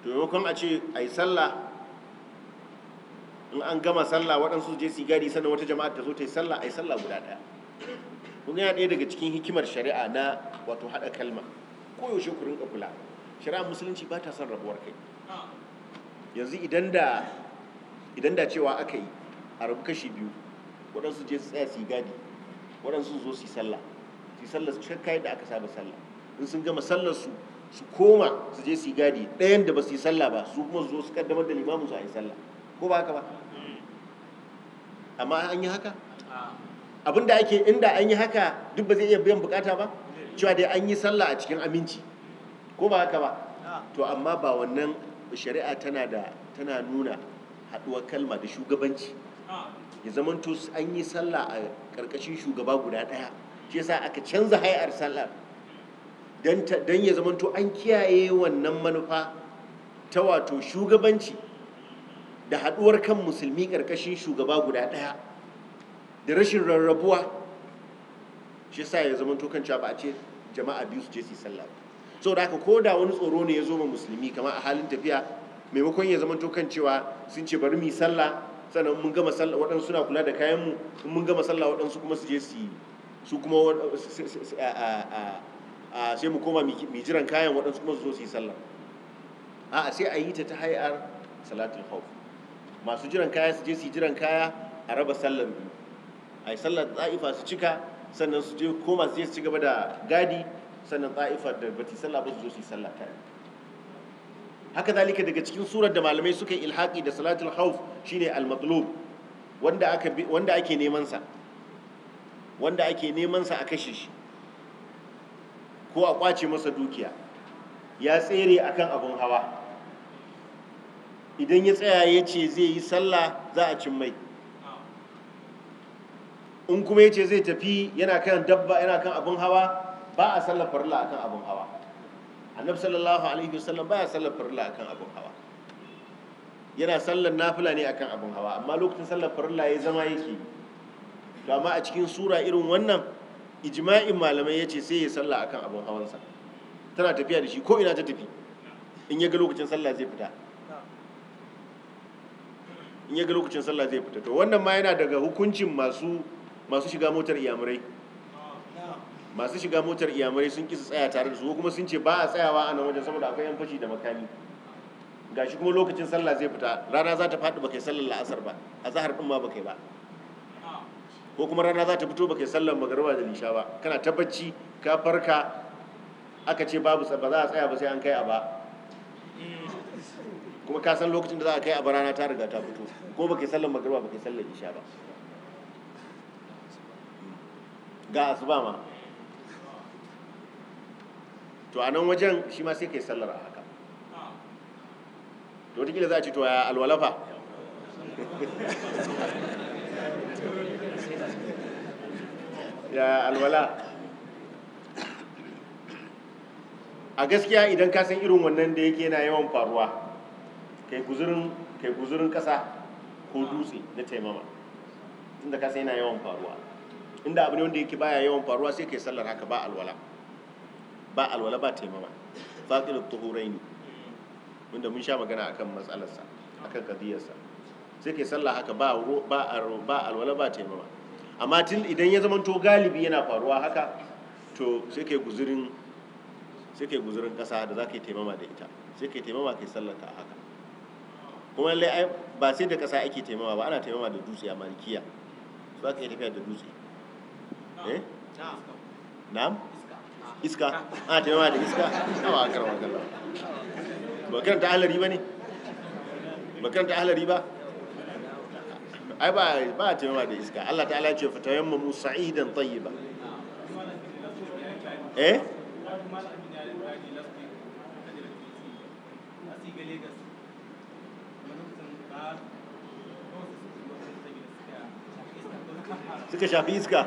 to yakan a ce a yi sallah in an gama sallah waɗansu su je su gari sannan wata jama'a ta zo ta yi sallah a yi sallah guda ɗaya kun yana ɗaya daga cikin hikimar shari'a na wato haɗa kalma ko yaushe ku rinka kula shari'a musulunci ba ta son rabuwar kai yanzu idan da idan da cewa aka yi a rabu kashi biyu waɗansu je su tsaya su gadi waɗansu zo su yi sallah su yi sallah su kai da aka saba sallah in sun gama sallar su su koma su je su gadi ɗayan da ba su yi sallah ba su kuma zo su kaddamar da limamin su a yi sallah ko ba haka ba amma an yi haka abin da ake inda an yi haka duk ba zai iya biyan bukata ba cewa dai an yi sallah a cikin aminci ko ba haka ba to amma ba wannan shari'a tana da tana nuna haɗuwar kalma da shugabanci ya zamanto an yi sallah a ƙarƙashin shugaba guda ɗaya shi yasa aka canza hayar sallah don ya zamanto an kiyaye wannan manufa ta wato shugabanci da haɗuwar kan musulmi ƙarƙashin shugaba guda ɗaya da rashin rarrabuwa shi sa ya zamanto kan cewa ba a ce jama'a biyu su je su sallah sau da haka ko da wani tsoro ne ya zo ma musulmi kama a halin tafiya maimakon ya zamanto kan cewa sun ce bari mu yi sallah sannan mun gama sallah waɗansu suna kula da kayanmu mun gama sallah waɗansu kuma su je su yi su kuma sai mu koma mai jiran kayan waɗansu kuma su zo su yi sallah a'a sai a yi ta ta hayar salatul khawf masu jiran kaya su je su yi jiran kaya a raba sallar biyu a yi sallar tsa'ifa su cika sannan su je koma su je su ci gaba da gadi sannan tsa'ifa da bati sallah ba su zo su yi sallah tare haka zalika daga cikin surar da malamai suka yi ilhaki da salatul khawf shine al-matlub wanda ake nemansa wanda ake neman a kashe shi ko a kwace masa dukiya ya tsere akan abin hawa idan ya tsaya ya ce zai yi sallah za a cin mai in kuma ya ce zai tafi yana kan dabba yana kan abin hawa ba a sallar farilla akan abin hawa annabi sallallahu alaihi wasallam ba ya sallar farilla akan abin hawa yana sallar nafila ne akan abin hawa amma lokacin sallar farilla ya zama yake to amma a cikin sura irin wannan ijma'in malamai ya ce sai ya sallah akan abin hawansa tana tafiya da shi ko ina ta tafi in ya ga lokacin sallah zai fita in ya lokacin sallah zai fita to wannan ma yana daga hukuncin masu masu shiga motar iyamurai masu shiga motar iyamurai sun kisa tsaya tare da su kuma sun ce ba a tsayawa a nan wajen saboda akwai yan fashi da makami gashi kuma lokacin sallah zai fita rana za ta faɗi ba kai sallar la'asar ba a zahar ɗin ma ba kai ba ko kuma rana za ta fito baka yi sallar magariba da lisha ba kana ta bacci ka farka aka ce babu ba za a tsaya ba sai an kai a ba kuma ka san lokacin da za a kai a ba rana ta riga ta fito ko baka yi sallar magariba baka yi sallar lisha ba ga asuba ma to a nan wajen shi ma sai kai sallar a haka to wataƙila za a ce to ya alwalafa ya alwala a gaskiya idan ka san irin wannan da yake yana yawan faruwa kai guzurin kai guzurin kasa ko dutse na taimama tunda ka san yana yawan faruwa inda abu ne wanda yake baya yawan faruwa sai kai sallar haka ba alwala ba alwala ba taimama faqilut tuhuraini wanda mun sha magana akan matsalarsa akan kadiyarsa sai kai sallah haka ba ba alwala ba taimama amma tun idan ya zamanto galibi yana faruwa haka to sai kai guzurin guzurin ƙasa da za ka yi taimama da ita sai kai taimama kai sallata a haka kuma lallai ba sai da ƙasa ake taimama ba ana taimama da dutse a malikiya su aka yi tafiya da dutse eh na'am iska ana taimama da iska ba akar magana ba karanta ahalari ba ne ba karanta ahlari ba ai ba ba taimama da iska Allah ta'ala ya ce fa tayammamu sa'idan tayyiba eh suka shafi iska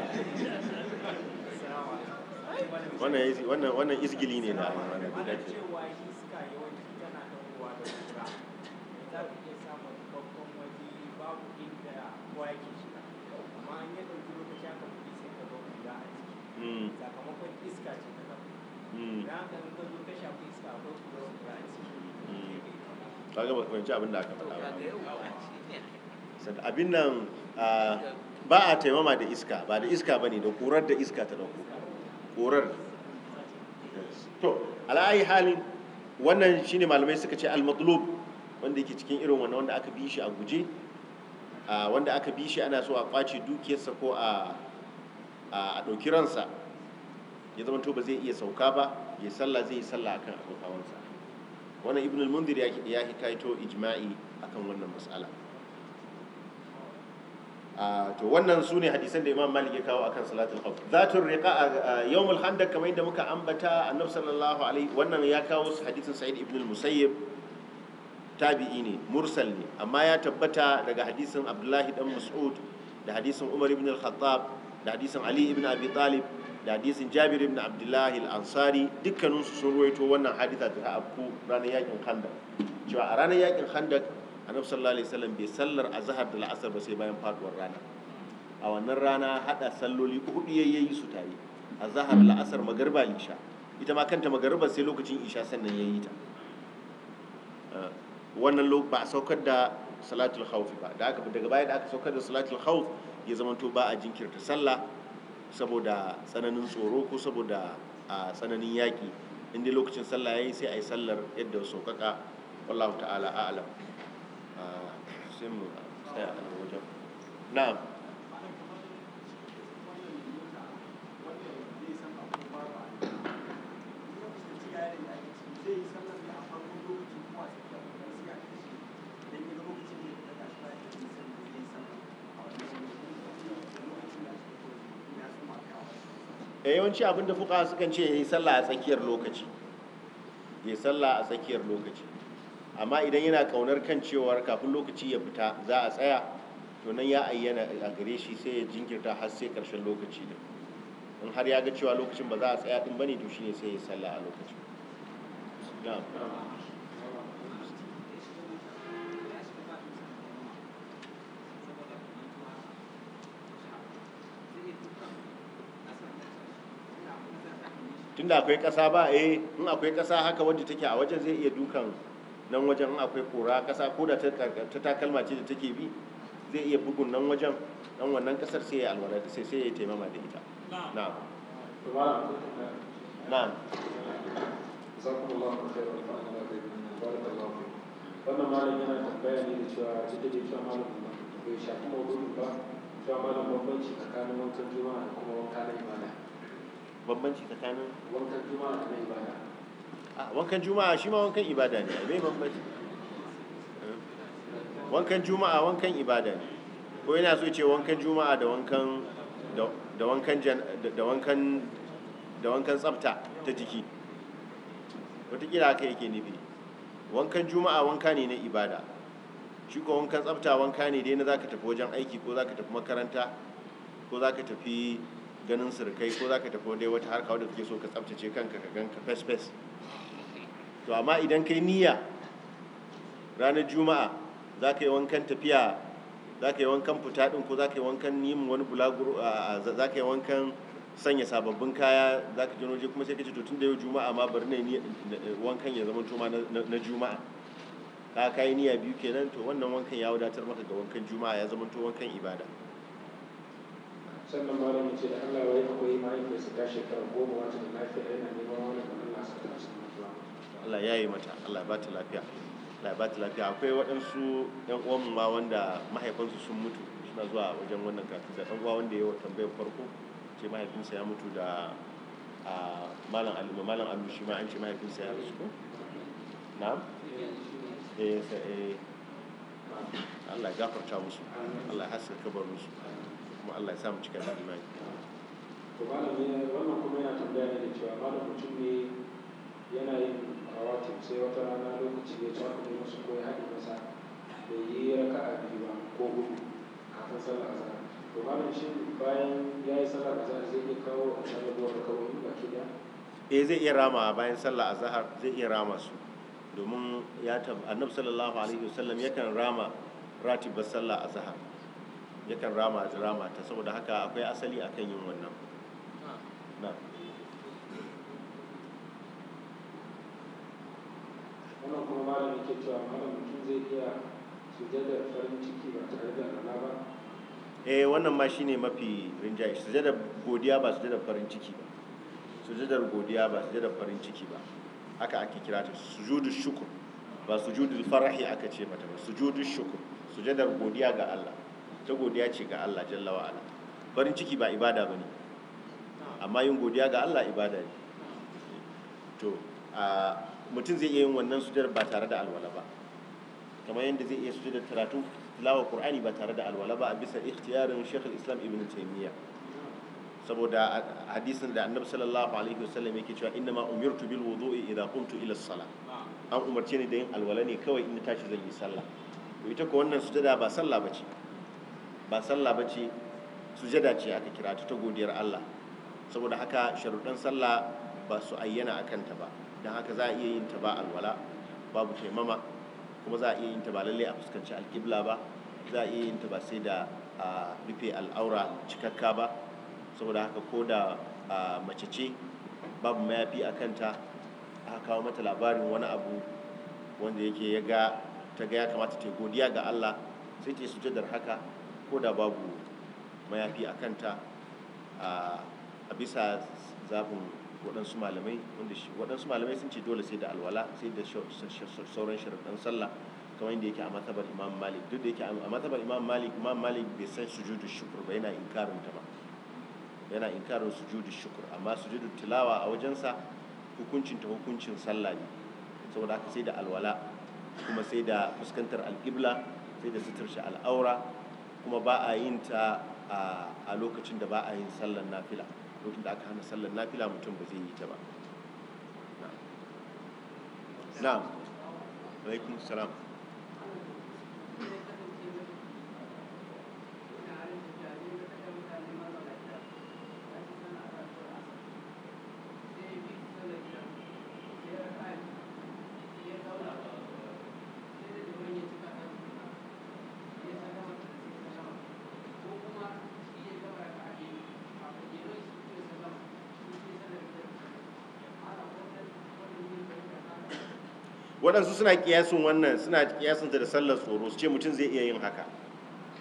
wannan isgili ne na wannan sakamakon iska ce ta kafa da haka in ka zo ka shafi iska ko kuma wani ba a ciki kaga ba fahimci abin da aka faɗa ba abin nan ah, hmm. ba a taimama da iska ba da iska ba ne da korar da iska ta dauko korar to ala'ayi halin wannan shine malamai suka ce al-matlub wanda yake cikin irin wannan wanda aka bi shi a guje ah, wanda aka bi shi ana so a kwace dukiyarsa ko a ɗauki ransa ya zama to ba zai iya sauka ba ya sallah zai yi sallah akan abin wannan ibn al-mundir ya hikaito ijma'i akan wannan mas'ala to wannan su ne hadisan da imam malik ya kawo akan salatul khawf zatul riqa yawmul handak kamar yadda muka ambata annabi sallallahu alaihi wannan ya kawo hadisin sa'id ibn al-musayyib tabi'i ne mursal ne amma ya tabbata daga hadisin abdullahi dan mas'ud da hadisin umar ibn al-khattab da hadisin ali ibn abi talib da hadisin jabir ibn abdullahi al-ansari dukkaninsu sun ruwaito wannan haditha ta afku ranar yakin khandak cewa a ranar yakin khandak annabi sallallahu alaihi wasallam bai sallar azhar da la'asar ba sai bayan faduwar rana a wannan rana hada salloli hudu yi su tare azhar la'asar magriba isha ita ma kanta magriba sai lokacin isha sannan yayi ta eh, wannan lokacin ba a saukar da salatul khawf ba da aka daga baya da aka saukar da salatul khawf ya zamanto ba a jinkirta sallah saboda tsananin tsoro ko saboda a tsananin yaƙi in dai lokacin sallah ya yi sai a yi sallar yadda sauƙaƙa wallahu ta'ala a'alam sai mu tsaya a wajen na'am Eh, yawanci abinda fuka sukan ce yi sallah a tsakiyar lokaci yi sallah a tsakiyar lokaci amma idan yana kaunar kan cewar kafin lokaci ya fita za a tsaya to nan ya ayyana a gare shi sai ya jinkirta har sai karshen lokaci din in har ya ga cewa lokacin ba za a tsaya din bane to shine sai ya sallah a lokacin tunda akwai ƙasa ba eh in akwai ƙasa haka wadda take a wajen zai iya dukan nan wajen in akwai kora ƙasa ko da ta takalma ce da take bi zai iya bugun nan wajen dan wannan ƙasar sai ya alwala sai sai ya taimama da ita na'am na'am jazakumullahu khairan fa'ala bihi wannan malam yana tambaya ne da cewa duk da cewa malam bai shafi maudu'in ba cewa malam bambanci tsakanin wancan juma'a da kuma wanka na ibada bambanci tsakanin wankan juma'a da ibada a wankan juma'a shi ma wankan ibada ne mai bambanci eh? wankan juma'a wankan ibada ne ko yana so ce wankan juma'a da wankan da wankan da wankan da wankan tsafta ta jiki wataƙila haka yake nufi wankan juma'a wanka ne na ibada shi ko wankan tsafta wanka ne dai na za ka tafi wajen aiki ko za ka tafi makaranta ko za ka tafi ganin surkai ko za ka tafi dai wata harka wadda kake so ka tsabtace kanka ka ganka fes fes to amma idan ka yi niyya ranar juma'a za ka yi wankan tafiya za ka yi wankan fita ɗin ko za ka yi wankan yin wani bulaguro za ka yi wankan sanya sababbin kaya za ka je waje kuma sai ka ce to tun da yau juma'a ma bari ne wankan ya zama tuma na juma'a ka kai niyya biyu kenan to wannan wankan ya wadatar maka ga wankan juma'a ya zama to wankan ibada sannan malam ce da Allah wai akwai su ta shekara goma wata da lafiya yana neman wani da Allah su ta su Allah ya yi mata Allah ya ta lafiya Allah ya bata lafiya akwai waɗansu ‘yan uwanmu ma wanda mahaifansu sun mutu suna zuwa wajen wannan kafin da ɗan uwa wanda ya tambayar farko ce mahaifinsa ya mutu da a malam alimu malam alu shi ma an ce mahaifinsa ya rasu ko na'am eh eh Allah ya gafarta musu Allah ya haska kabarin musu. kuma Allah ya samu mu imani to malami wannan kuma yana tambaya ne da cewa malam mutum ne yana yin rawati sai wata rana lokaci ya ci kuma su ko ya haɗe masa da yi raka'a biyu ba ko gudu kafin sallar azhar to malam shi bayan ya yi sallar azhar zai iya kawo a sallar da kawo kawai baki da eh zai iya rama bayan sallar azhar zai iya rama su domin ya tab annabi sallallahu alaihi wasallam yakan rama ratibar sallah azhar yakan rama da rama ta saboda haka akwai asali akan yin wannan na wannan kuma malam yake cewa malam mutum zai iya sujadar farin ciki ba tare da rana ba eh wannan ma shine mafi rinjaye sujadar godiya ba sujadar farin ciki ba sujadar godiya ba sujadar farin ciki ba haka ake kira ta sujudu shukur ba sujudu farahi aka ce mata ba sujudu shukur sujadar godiya ga Allah ta godiya ce ga Allah jalla wa ala farin ciki ba ibada ba ne, amma yin godiya ga Allah ibada ne to a mutum zai iya yin wannan sujjar ba tare da alwala ba kamar yadda zai iya sujjar karatu lawa qur'ani ba tare da alwala ba a bisa ikhtiyarin shekul islam ibn taymiya saboda hadisin da annabi sallallahu alaihi wasallam yake cewa inna ma umirtu bil wudu'i idha qumtu ila salla an umarce ni da yin alwala ne kawai in tashi zan yi sallah to ita ko wannan sujada ba sallah bace ba sallah ba ce sujada ce aka kira ta ta godiyar Allah saboda haka sharuɗan sallah ba su ayyana a kanta ba don haka za a iya yin ta ba alwala babu taimama kuma za a iya yin ta ba lalle a fuskanci alkibla ba za a iya yin ta ba sai da a rufe al'aura cikakka ba saboda haka ko da mace ce babu mayafi a kanta aka kawo mata labarin wani abu wanda yake ya ga ta ga ya kamata ta godiya ga Allah sai ta yi sujadar haka ko da babu mayafi a kanta a bisa zaɓin waɗansu malamai wanda shi waɗansu malamai sun ce dole sai da alwala sai da sauran sharaɗan sallah kamar yadda yake a matsabar imam malik duk da yake a matsabar imam malik imam malik bai san sujudu shukur ba yana inkarin ta ba yana inkarin sujudu shukur amma sujudu tilawa a wajensa hukuncin ta hukuncin sallah ne saboda haka sai da alwala kuma sai da fuskantar alƙibla sai da suturce al'aura kuma ba a yin ta a lokacin da ba a yin sallar nafila lokacin da aka hana sallar nafila mutum ba zai yi ta ba na'am alaikum salam waɗansu suna kiyasin wannan suna ƙiyasin da sallar tsoro su ce mutum zai iya yin haka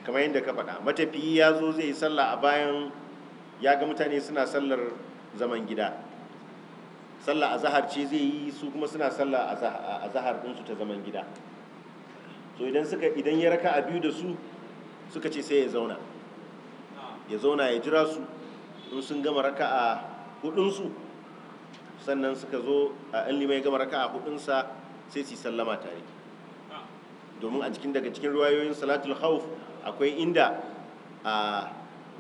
kamar yadda ka faɗa matafiyi ya zo zai yi sallah a bayan ya ga mutane suna sallar zaman gida sallah a zahar ce zai yi su kuma suna sallah a zahar ɗinsu ta zaman gida so idan suka idan ya raka a biyu da su suka ce sai ya zauna ya zauna ya jira su in sun gama raka a hudunsu sannan suka zo a in lima ya gama raka a hudunsa sai su sallama tare ah. domin a cikin daga cikin ruwayoyin salatul khawf akwai inda a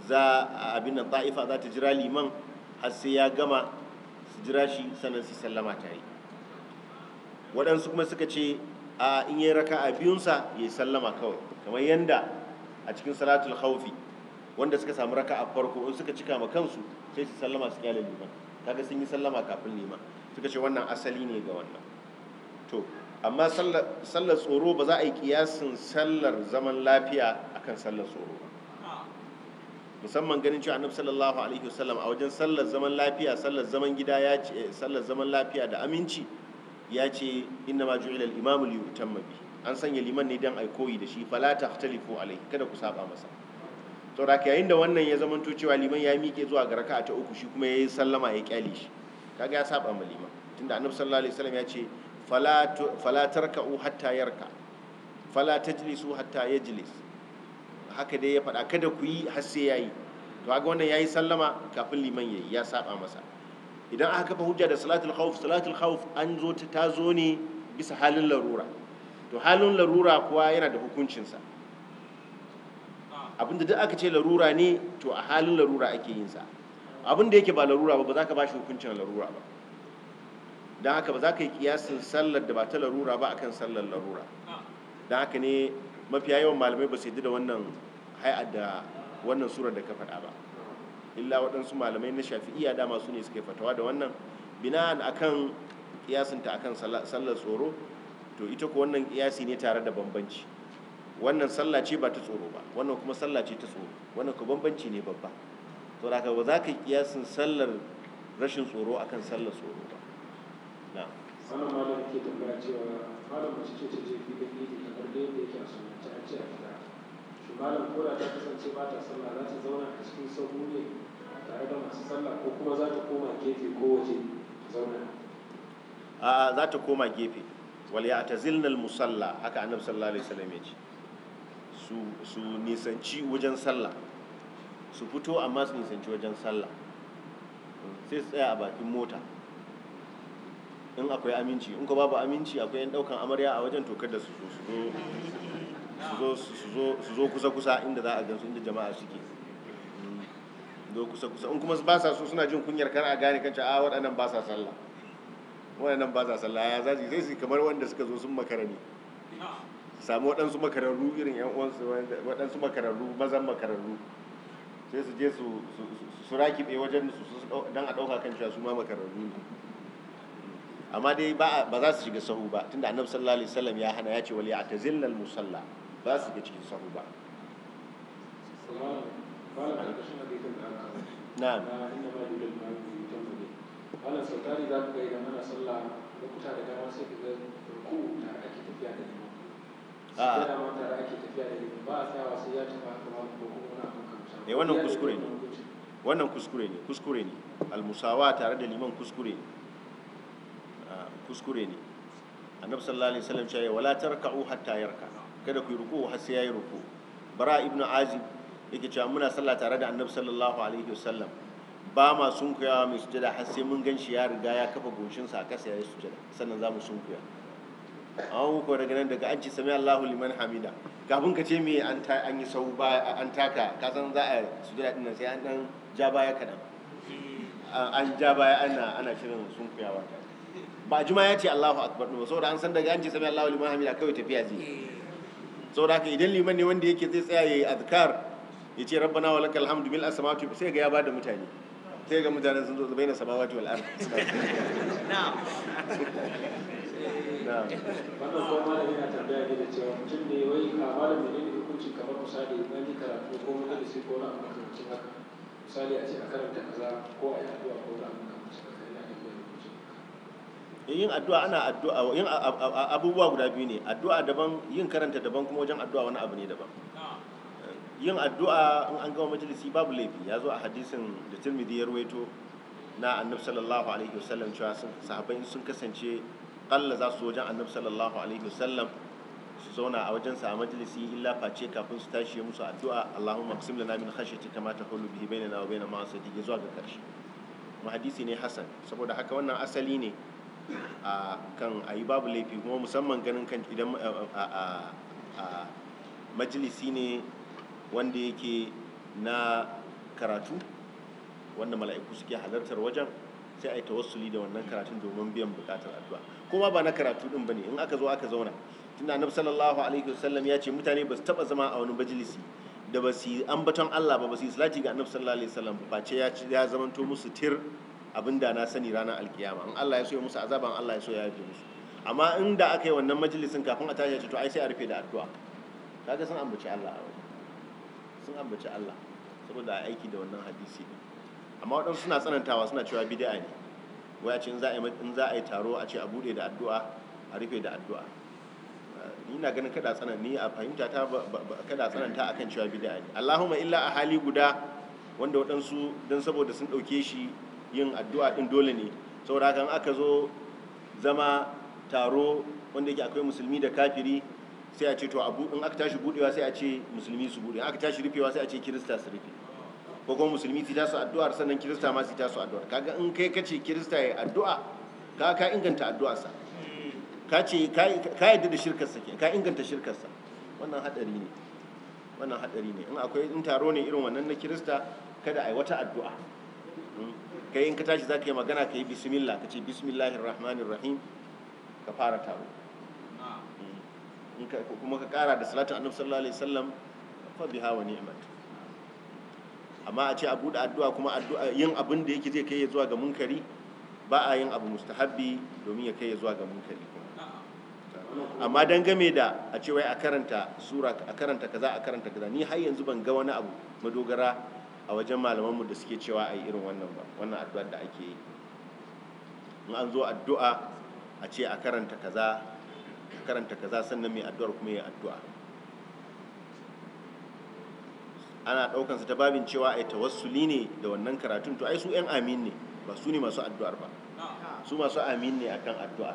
za abin nan ta'ifa za ta jira liman har sai ya gama su jira shi sannan su sallama tare waɗansu kuma suka ce a in yi raka a biyunsa ya yi sallama kawai kamar yadda a cikin salatul khawfi wanda suka samu raka a farko in suka cika ma kansu sai su sallama su kyale liman kaga sun yi sallama kafin liman suka ce wannan asali ne ga wannan to amma sallar tsoro ba za a yi kiyasin sallar zaman lafiya akan sallar tsoro ba musamman ganin cewa annabi sallallahu alaihi wasallam a wajen sallar zaman lafiya sallar zaman gida ya ce eh, sallar zaman lafiya da aminci ya ce inna ma ju'ila al-imamu li yutamma bi an sanya liman ne dan ai koyi da shi fala tahtalifu alaihi kada ku saba masa to da yayin da wannan ya zamanto cewa liman ya mike zuwa ga raka'a ta uku shi kuma yayi sallama ya kyale shi kaga ya saba ma liman tunda annabi sallallahu alaihi wasallam ya ce fala tarka'u hatta yarka fala hatta yajlis haka dai ya faɗa kada ku yi har sai yayi to ga wannan yi sallama kafin liman yayi ya saba masa idan aka kafa hujja da salatul khawf salatul khawf an zo ta zo ne bisa halin larura to halin larura kuwa yana da hukuncinsa abinda duk aka ce larura ne to a halin larura ake yin sa abinda yake ba larura ba ba za ka ba shi hukuncin larura ba don haka ba za ka yi kiyasin sallar da ba ta larura ba akan sallar larura don haka ne mafiya yawan malamai ba su yi da wannan hay'ar da wannan surar da ka faɗa ba illa waɗansu malamai na shafi'iya dama su ne suka yi fatawa da wannan bina'an akan kiyasinta akan sallar tsoro to ita ko wannan kiyasi ne tare da bambanci wannan sallah ce ba ta tsoro ba wannan kuma sallah ce ta tsoro wannan ko bambanci ne babba to da ba za ka yi kiyasin sallar rashin tsoro akan sallar tsoro ba Sanar malam ke tambaya cewa malam mace ce ta je filin idi kamar da yadda yake a sunanta a ce a fita shi malam ko ta kasance ba ta sallah za ta zauna a cikin sahu ne tare da masu sallah ko kuma za ta koma gefe ko waje zauna a za ta koma gefe wal ya tazilna al musalla haka annabi sallallahu alaihi wasallam ya ce su su nisanci wajen sallah su fito amma su nisanci wajen sallah sai tsaya a bakin mota in akwai aminci in ko babu aminci akwai yan daukan amarya a wajen tokar da su zo su zo kusa kusa inda za a gansu su inda jama'a suke zo kusa kusa in kuma ba sa so suna jin kunyar kar a gane kanta a ah, waɗannan ba sa sallah waɗannan ba sa sallah ya zaji sai su kamar wanda suka zo sun makarani samu waɗansu makararru irin yan uwansu waɗansu makararru mazan makararru sai su je su rakiɓe wajen su dan a ɗauka kan cewa su ma makararru ne amma dai ba za su shiga sahu ba tunda annabi sallallahu alaihi wasallam ya hana ya ce wali ya'tazilna musalla ba su shiga cikin sahu ba na'am eh, wannan kuskure ne wannan kuskure ne kuskure ne almusawa tare da liman kuskure ne kuskure ne annabi sallallahu alaihi wasallam cewa wala tarka'u hatta yarka kada ku ruku har sai yayi ruku bara ibn azib yake cewa muna sallah tare da annabi sallallahu alaihi wasallam ba ma sunkuyawa mai sujada har sai mun gan shi ya riga ya kafa goshin sa kasa yayi sujada sannan za mu sunkuya an ko daga nan daga an ci sami Allahu liman hamida kafin ka ce me an ta an yi sau ba an taka ka san za a sujada din nan sai an dan ja baya kadan an ja baya ana ana shirin sunkuyawa ta ba juma ya ce Allahu akbar ba saboda an san daga an ce sami Allahu liman hamida kawai tafiya zai eh. saboda haka idan liman ne wanda yake zai tsaya a azkar ya ce rabbana wa lakal hamdu bil asmawati sai ga ya bada mutane sai ga mutane sun zo bayyana samawati wal ardh na'am <laughs> da cewa mutum ne wai misali a ce a karanta kaza ko a yi addu'a ko na yin addu'a ana addu'a yin abubuwa guda biyu ne addu'a daban yin karanta daban kuma wajen addu'a wani abu ne daban yin addu'a in an gama majalisi babu laifi ya zo a hadisin da tirmidhi ya ruwaito na annabi sallallahu alaihi wasallam cewa sahabbai sun kasance kalla za su wajen annabi sallallahu alaihi wasallam su zauna a wajensa sa majalisi illa face kafin su tashi musu addu'a Allahumma qsim lana min ta ma tahulu bihi bainana wa bainal ma'asiyati zuwa ga karshe mu ne hasan saboda haka wannan asali ne a kan ayi babu laifi kuma musamman ganin kan idan a majalisi ne wanda yake na karatu wanda mala'iku suke halartar wajen sai a yi tawassuli da wannan karatun domin biyan bukatar addu'a kuma ba na karatu din bane in aka zo aka zauna tunda annabi sallallahu alaihi wasallam ya ce mutane ba su taba zama a wani majalisi da ba su ambaton Allah ba ba su salati ga annabi sallallahu alaihi wasallam ba ce ya ya zamanto musu tir abin da na sani ranar alkiyama in Allah ya so ya musu azaban Allah ya so ya yafe musu amma in da aka yi wannan majalisin kafin a tashi to ai sai a rufe da addu'a kaga sun ambaci Allah sun ambaci Allah saboda aiki da wannan hadisi ne amma waɗansu suna tsanantawa suna cewa bid'a ne waya ce in za a yi taro a ce a bude da addu'a a rufe da addu'a ni na ganin kada tsanan ni a fahimta ta kada tsananta akan cewa bid'a ne Allahumma illa a hali guda wanda waɗansu don saboda sun ɗauke shi yin addu'a din dole ne saboda kan aka zo zama taro wanda yake akwai musulmi da kafiri sai a ce to abu in aka tashi budewa sai a ce musulmi su bude aka tashi rufewa sai a ce kirista su rufe ko kuma musulmi su tasu addu'ar sannan kirista ma su tasu addu'ar kaga in kai kace kirista ya addu'a ka ka inganta addu'arsa ka ce ka yadda da shirkarsa ke ka inganta shirkarsa wannan hadari ne wannan hadari ne in akwai in taro ne irin wannan na kirista kada a yi wata addu'a kai in ka tashi za ka yi magana ka yi bismillah ka ce bismillahir rahmanir rahim ka fara taro kuma ka kara da salatu annabi sallallahu alaihi wasallam fa biha wa ni'mat amma a ce a buɗe addu'a kuma addu'a yin abin da yake zai kai ya zuwa ga munkari ba a yin abu mustahabbi domin ya kai ya zuwa ga munkari amma don game da a ce wai a karanta sura a karanta kaza a karanta kaza ni har yanzu ban ga wani abu madogara a wajen malamanmu da suke cewa a yi irin wannan ba wannan addu'ar da ake yi in an zo addu'a a ce a karanta kaza karanta kaza sannan mai addu'ar kuma ya addu'a ana ɗaukansa ta babin cewa ai tawassuli ne da wannan karatun to ai su 'yan amin ne ba su ne masu addu'ar ba su masu amin ne akan addu'a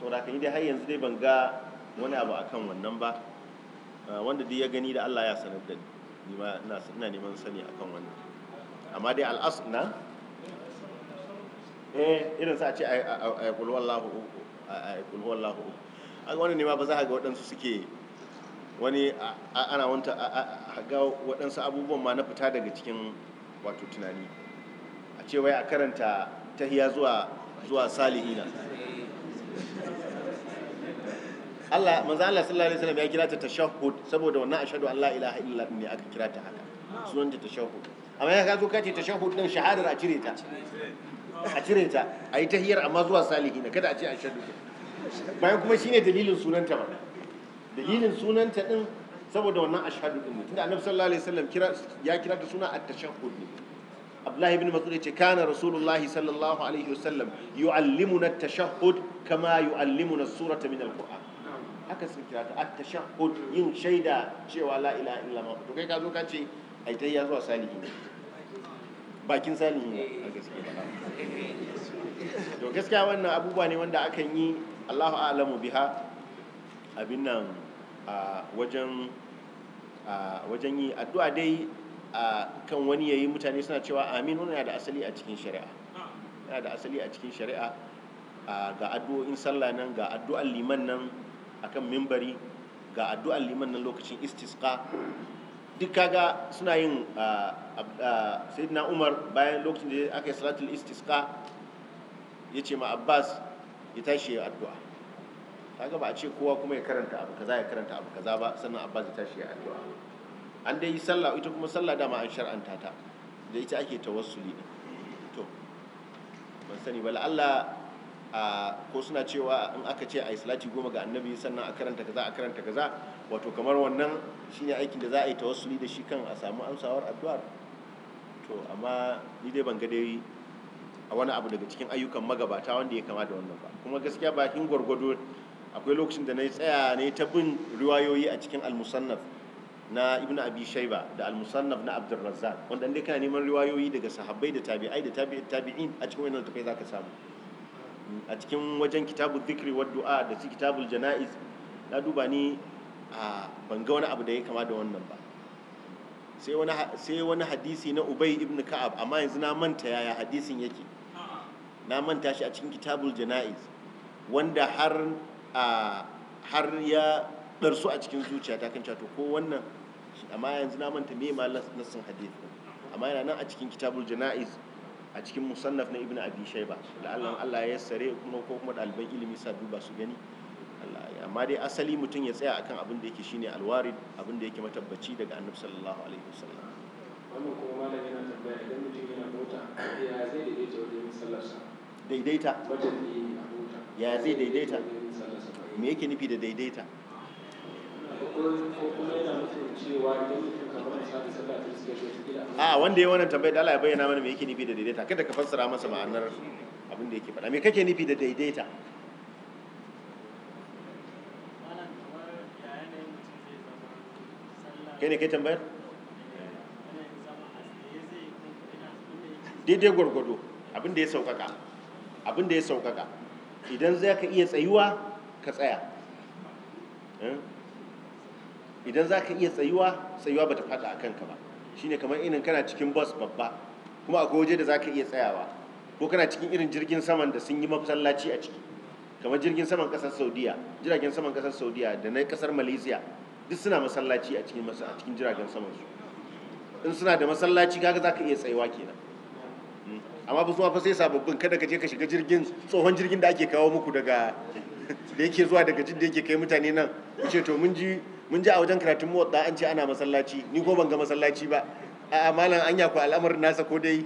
saboda kan yi dai har yanzu dai ban ga wani abu akan wannan ba wanda duk ya gani da Allah ya sanar da ni ni ina neman sani akan wannan amma dai al'asu na eh irin sa a ce a kulwallahu uku a kulwallahu uku a wannan ba za a ga waɗansu suke wani ana wanta a ga waɗansu abubuwan ma na fita daga cikin wato tunani a ce wai a karanta tahiya zuwa zuwa salihina Allah manzo Allah sallallahu alaihi wasallam ya kira ta tashahhud saboda wannan ashhadu an la ilaha illa ne aka kira ta haka sunan ta tashahhud amma ya kazo kace tashahhud din shahadar a cire ta a cire ta a yi tahiyar amma zuwa salihin kada a ce ashhadu bayan kuma shine dalilin sunanta ba dalilin sunanta din saboda wannan ashhadu din tunda annabi sallallahu alaihi wasallam kira ya kira ta suna at-tashahhud ne Abdullahi ibn Mas'ud yace kana Rasulullahi sallallahu alaihi wasallam yu'allimuna at-tashahhud kama yu'allimuna as-surata min al-Qur'an haka sun kira ta at-tashahhud yin shaida cewa la ilaha illallah to kai ka zo ka ce ai tai ya zuwa salihi ne bakin salihi ne a gaskiya to gaskiya wannan abubuwa ne wanda aka yi Allahu a'lamu biha abin nan a wajen yi addu'a dai a kan wani yayi mutane suna cewa amin wannan yana da asali a cikin shari'a yana da asali a cikin shari'a ga addu'o'in sallah nan ga addu'ar liman nan akan mimbari ga addu'an liman nan lokacin istisqa duk kaga suna yin ah, ah, ah, sayyidina umar bayan lokacin da aka yi salatul istisqa ya ce ma abbas ya tashi ya addu'a kaga ba a ce kowa kuma ya karanta abu kaza ya karanta abu kaza ba sannan abbas ya tashi ya addu'a an dai yi sallah ita kuma sallah dama an shar'anta ta da ita ake tawassuli to ban sani ba la'alla ko suna cewa in aka ce a salati goma ga annabi sannan a karanta kaza a karanta kaza wato kamar wannan shine aikin da za a yi tawassuli da shi kan a samu amsawar addu'ar to amma ni dai ban ga dai a wani abu daga cikin ayyukan magabata wanda ya kama da wannan ba kuma gaskiya bakin gwargwado akwai lokacin da na yi tsaya ne ta bin riwayoyi a cikin al-musannaf na ibn abi shaiba da al-musannaf na abdul razzaq wanda dai kana neman riwayoyi daga sahabbai da tabi'ai da tabi'in a cikin wannan takai zaka samu a cikin wajen kitabul zikri wa du'a da shi kitabul jana'iz na duba ni a banga wani abu da ya kama da wannan ba sai wani sai wani hadisi na Ubay ibn Ka'ab amma yanzu na manta yaya hadisin yake na manta shi a cikin kitabul jana'iz wanda har a har ya darsu a cikin ta kan cato to ko wannan amma yanzu na manta me ma nassin hadisi amma yana nan a cikin kitabul jana'iz a cikin musannaf na ibn abi shaiba la'allan Allah ya sare kuma ko kuma ɗaliban ilimi sa duba su gani amma dai asali mutum ya tsaya akan abin da yake shine alwarid abin da yake matabbaci daga annabi sallallahu alaihi wasallam wannan kuma malam yana tambaya idan mutum yana mota ya zai daidaita wajen sallarsa daidaita ya zai daidaita me yake nufi da daidaita a wanda ya wannan tambayar da Allah ya bayyana mana me yake nufi da daidaita kada ka fassara masa ma'anar abin da yake faɗa me kake nufi da daidaita kai ne kai tambayar eh, daidai gwargwado abin da ya saukaka abin da ya saukaka idan zai ka iya tsayuwa ka tsaya eh? idan za ka iya tsayuwa tsayuwa ba ta faɗa a kanka ba shine kamar irin kana cikin bus babba kuma akwai waje da za ka iya tsayawa ko kana cikin irin jirgin saman da sun yi masallaci a ciki kamar jirgin saman ƙasar saudiya jiragen saman ƙasar saudiya da na ƙasar malaysia duk suna masallaci a cikin a cikin jiragen saman su in suna da masallaci kaga za ka iya tsayuwa kenan hmm. amma ba su fa sai sababbin kada ka je ka shiga jirgin tsohon jirgin da ake kawo muku daga da yake zuwa daga da yake kai mutane nan ce to mun ji mun ji a wajen karatun da an ce ana masallaci ni ko ban ga masallaci ba a'a malam anya ku al'amarin nasa ko dai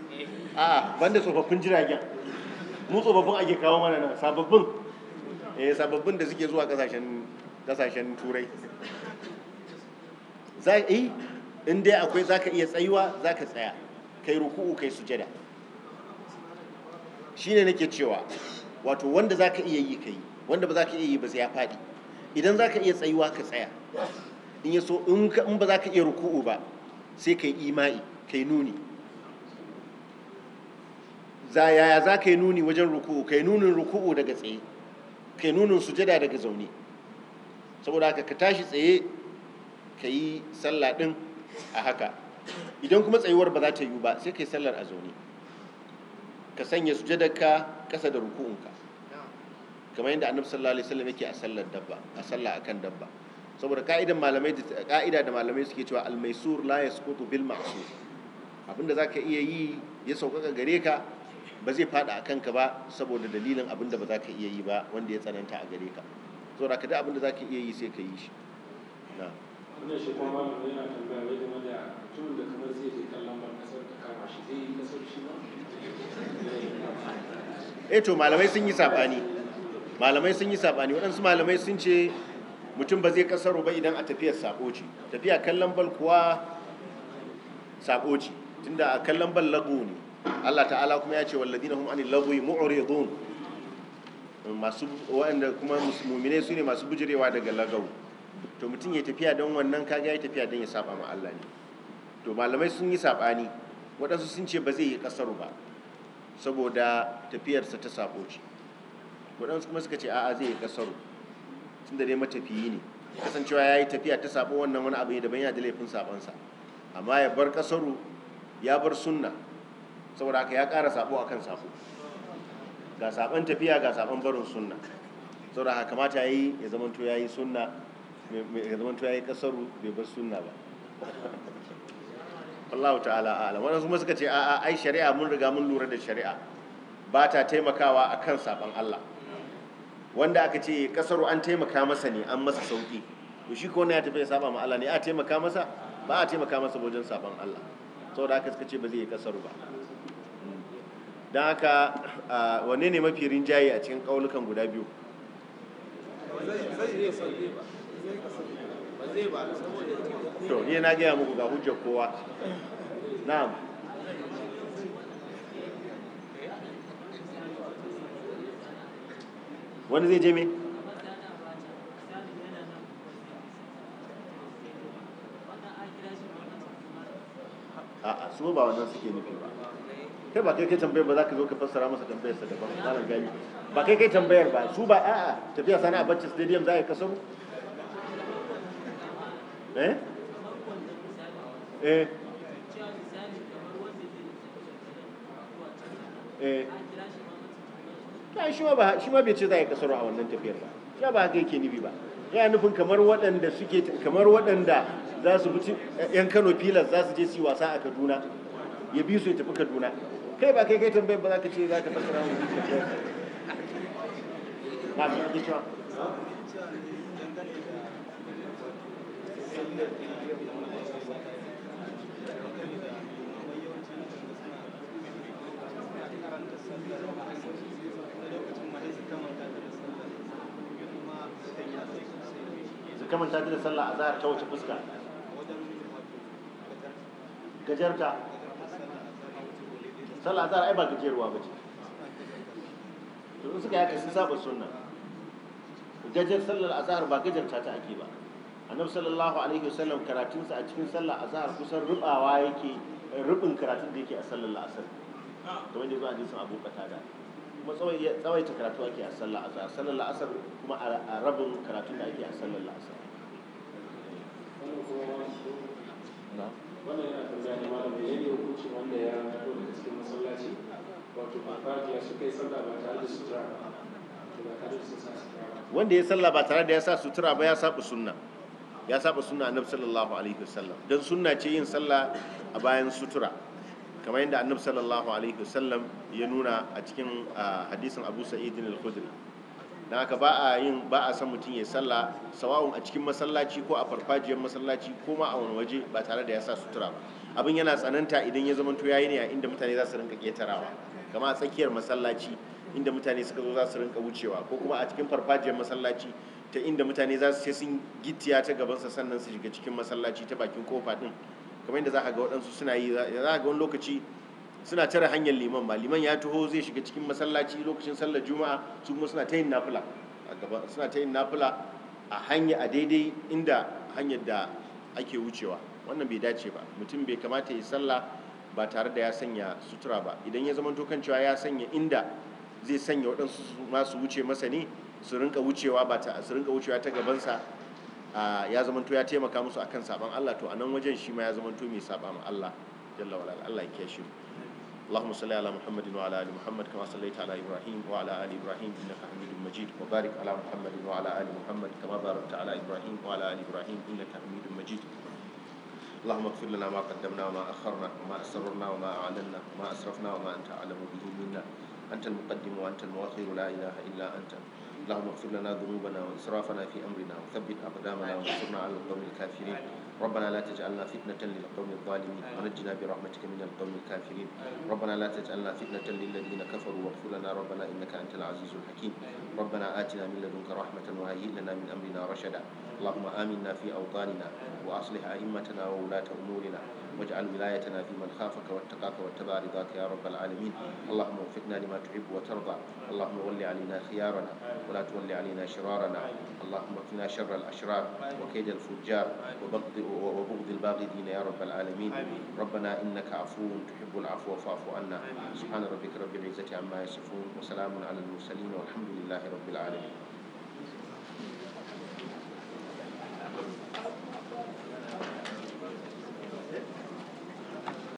a'a banda tsofaffin jiragen mu tsofaffin ake kawo mana nan sababbin eh sababbin da suke zuwa kasashen kasashen turai za eh in dai akwai zaka iya tsayuwa zaka tsaya kai ruku'u kai sujada shine nake cewa wato wanda zaka iya yi kai wanda ba zaka iya yi ba sai ya fadi idan za ka iya tsayuwa ka tsaya in ya so in ba za ka iya ruku'u ba sai ka yi ima'i ka yi nuni za yaya za ka yi nuni wajen ruku'u ka yi nunin ruku'u daga tsaye ka yi nunin sujada daga zaune saboda haka ka tashi tsaye ka yi sallah ɗin a haka idan kuma tsayuwar ba za ta yiwu ba sai ka yi sallar a zaune ka sanya sujadarka ƙasa da ruku'unka kamar yadda annabi sallallahu alaihi wasallam yake a sallar dabba a sallah akan dabba saboda ka'idan malamai ka'ida da malamai suke cewa al-maisur la yasqutu bil ma'sur abinda zaka iya yi ya sauƙaƙa gare ka ba zai fada akan ka ba saboda dalilin abinda ba zaka iya yi ba wanda ya tsananta a gare ka saboda ka da abinda zaka iya yi sai ka yi shi na wannan shi kuma malamin yana tambaya wai game da tun da kamar zai je kallon ban kasar ta kama shi zai yi kasar shi ba eh to malamai sun yi sabani malamai sun yi sabani waɗansu malamai sun ce mutum ba zai kasaro ba idan a tafiyar sako ce tafiya kallon bal kuwa sako ce tunda a kallon bal lagu ne Allah ta'ala kuma ya ce walladina hum yi lagwi mu'ridun masu waɗanda kuma mu'mine su ne masu bujirewa daga lagau to mutum ya tafiya don wannan kaga ya tafiya don ya saba ma Allah ne to malamai sun yi saɓani waɗansu sun ce ba zai yi kasaro ba saboda tafiyarsa ta sako ce waɗansu kuma suka ce a'a zai yi ƙasar tun da dai matafiyi ne kasancewa ya yi tafiya ta sabo wannan wani abu ne daban yana da laifin sabonsa amma ya bar ƙasaru ya bar sunna saboda haka ya ƙara sabo akan sabo ga sabon tafiya ga sabon barin sunna saboda haka kamata ya yi ya zamanto ya yi sunna ya zamanto ya yi ƙasaru bai bar sunna ba Allah ta'ala ala wannan kuma suka ce a'a ai shari'a mun riga mun lura da shari'a ba ta taimakawa akan sabon Allah wanda aka ce kasar an taimaka masa ne an masa sauki to shi ko ya tafi ya saba ma Allah ne a taimaka masa ba a taimaka masa wajen saban Allah saboda haka suka ce ba zai yi kasar ba don haka wanne ne mafi rinjaye a cikin kaulukan guda biyu to ni na gaya muku ga hujjar kowa na'am wani zai je me a su ba wannan suke nufi ba kai ba kai kai tambayar ba za ka zo ka fassara masa tambayar sa daban ba malam gani ba kai kai tambayar ba su ba a'a tafiya sana a bacci stadium za ka kaso eh eh eh ta shi ma bai ce za a wannan tafiyar ba ya ba haka yake nufi ba ya nufin kamar waɗanda yan Kano filas za su je su wasa a Kaduna ya bi su ya tafi Kaduna kai ba kai kai tambayar ba za ka ce za ka fasara mu ba. ka manta ta da sallah zahar ta wace fuska gajarta sallah zahar ai ba gajeruwa ba ce to suka yaka sun saba sunna gajar sallar zahar ba gajarta ta ake ba annabi sallallahu alaihi wasallam karatunsa a cikin sallar zahar kusan rubawa yake rubin karatun da yake a sallar la'asar to wanda zuwa hadisin abu qatada kuma tsawaita karatu ake a sallar azhar sallar la'asar kuma a rabin karatun da ake a sallar la'asar wanda ya fito ba tare da sutura ya sa sutura ba ya saba sunna ya saba sunna annabi sallallahu alaihi wasallam dan sunna ce yin sallah a bayan sutura kamar yadda annabi sallallahu alaihi wasallam ya nuna a cikin hadisin abu sa'id al-khudri dan haka ba a yin ba a san mutum ya sallah sawa'un a cikin masallaci ko a farfajiyar masallaci ko ma a wani waje ba tare da ya sa sutura ba abin yana tsananta idan ya zamanto yayi ne a inda mutane za su rinka ketarawa kama a tsakiyar masallaci inda mutane suka zo za su rinka wucewa ko kuma a cikin farfajiyar masallaci ta inda mutane za su sai sun gittiya ta gabansa sannan su shiga cikin masallaci ta bakin kofa din kamar yadda za ka ga waɗansu suna yi za ka ga wani lokaci suna tare hanyar liman ba liman ya taho zai shiga cikin masallaci lokacin sallar juma'a su kuma suna ta yin nafila a gaba suna ta yin nafila a hanya a daidai inda hanyar da ake wucewa wannan bai dace ba mutum bai kamata ya sallah ba tare da ya sanya sutura ba idan ya zama kan cewa ya sanya inda zai sanya waɗansu masu wuce masa ne su rinka wucewa ba ta su rinka wucewa ta gabansa ya zamanto ya taimaka musu akan saban Allah to a nan wajen shi ma ya zamanto mai saba ma Allah jalla wala Allah ya kiyaye shi اللهم صل على محمد وعلى ال محمد كما صليت على ابراهيم وعلى ال ابراهيم انك حميد مجيد وبارك على محمد وعلى ال محمد كما باركت على ابراهيم وعلى ال ابراهيم انك حميد مجيد اللهم اغفر لنا ما قدمنا وما اخرنا وما اسررنا وما اعلنا وما اسرفنا وما انت اعلم به منا انت المقدم وانت المؤخر لا اله الا انت اللهم اغفر لنا ذنوبنا وإسرافنا في أمرنا وثبت أقدامنا وانصرنا على القوم الكافرين ربنا لا تجعلنا فتنة للقوم الظالمين ونجنا برحمتك من القوم الكافرين ربنا لا تجعلنا فتنة للذين كفروا واغفر لنا ربنا إنك أنت العزيز الحكيم ربنا آتنا من لدنك رحمة وهيئ لنا من أمرنا رشدا اللهم آمنا في أوطاننا وأصلح أئمتنا وولاة أمورنا واجعل ولايتنا في من خافك واتقاك واتبع رضاك يا رب العالمين اللهم وفقنا لما تحب وترضى اللهم ول علينا خيارنا ولا تول علينا شرارنا اللهم اكفنا شر الأشرار وكيد الفجار وبغض وبغض الباغضين يا رب العالمين ربنا إنك عفو تحب العفو فاعف عنا سبحان ربك رب العزة عما يصفون وسلام على المرسلين والحمد لله رب العالمين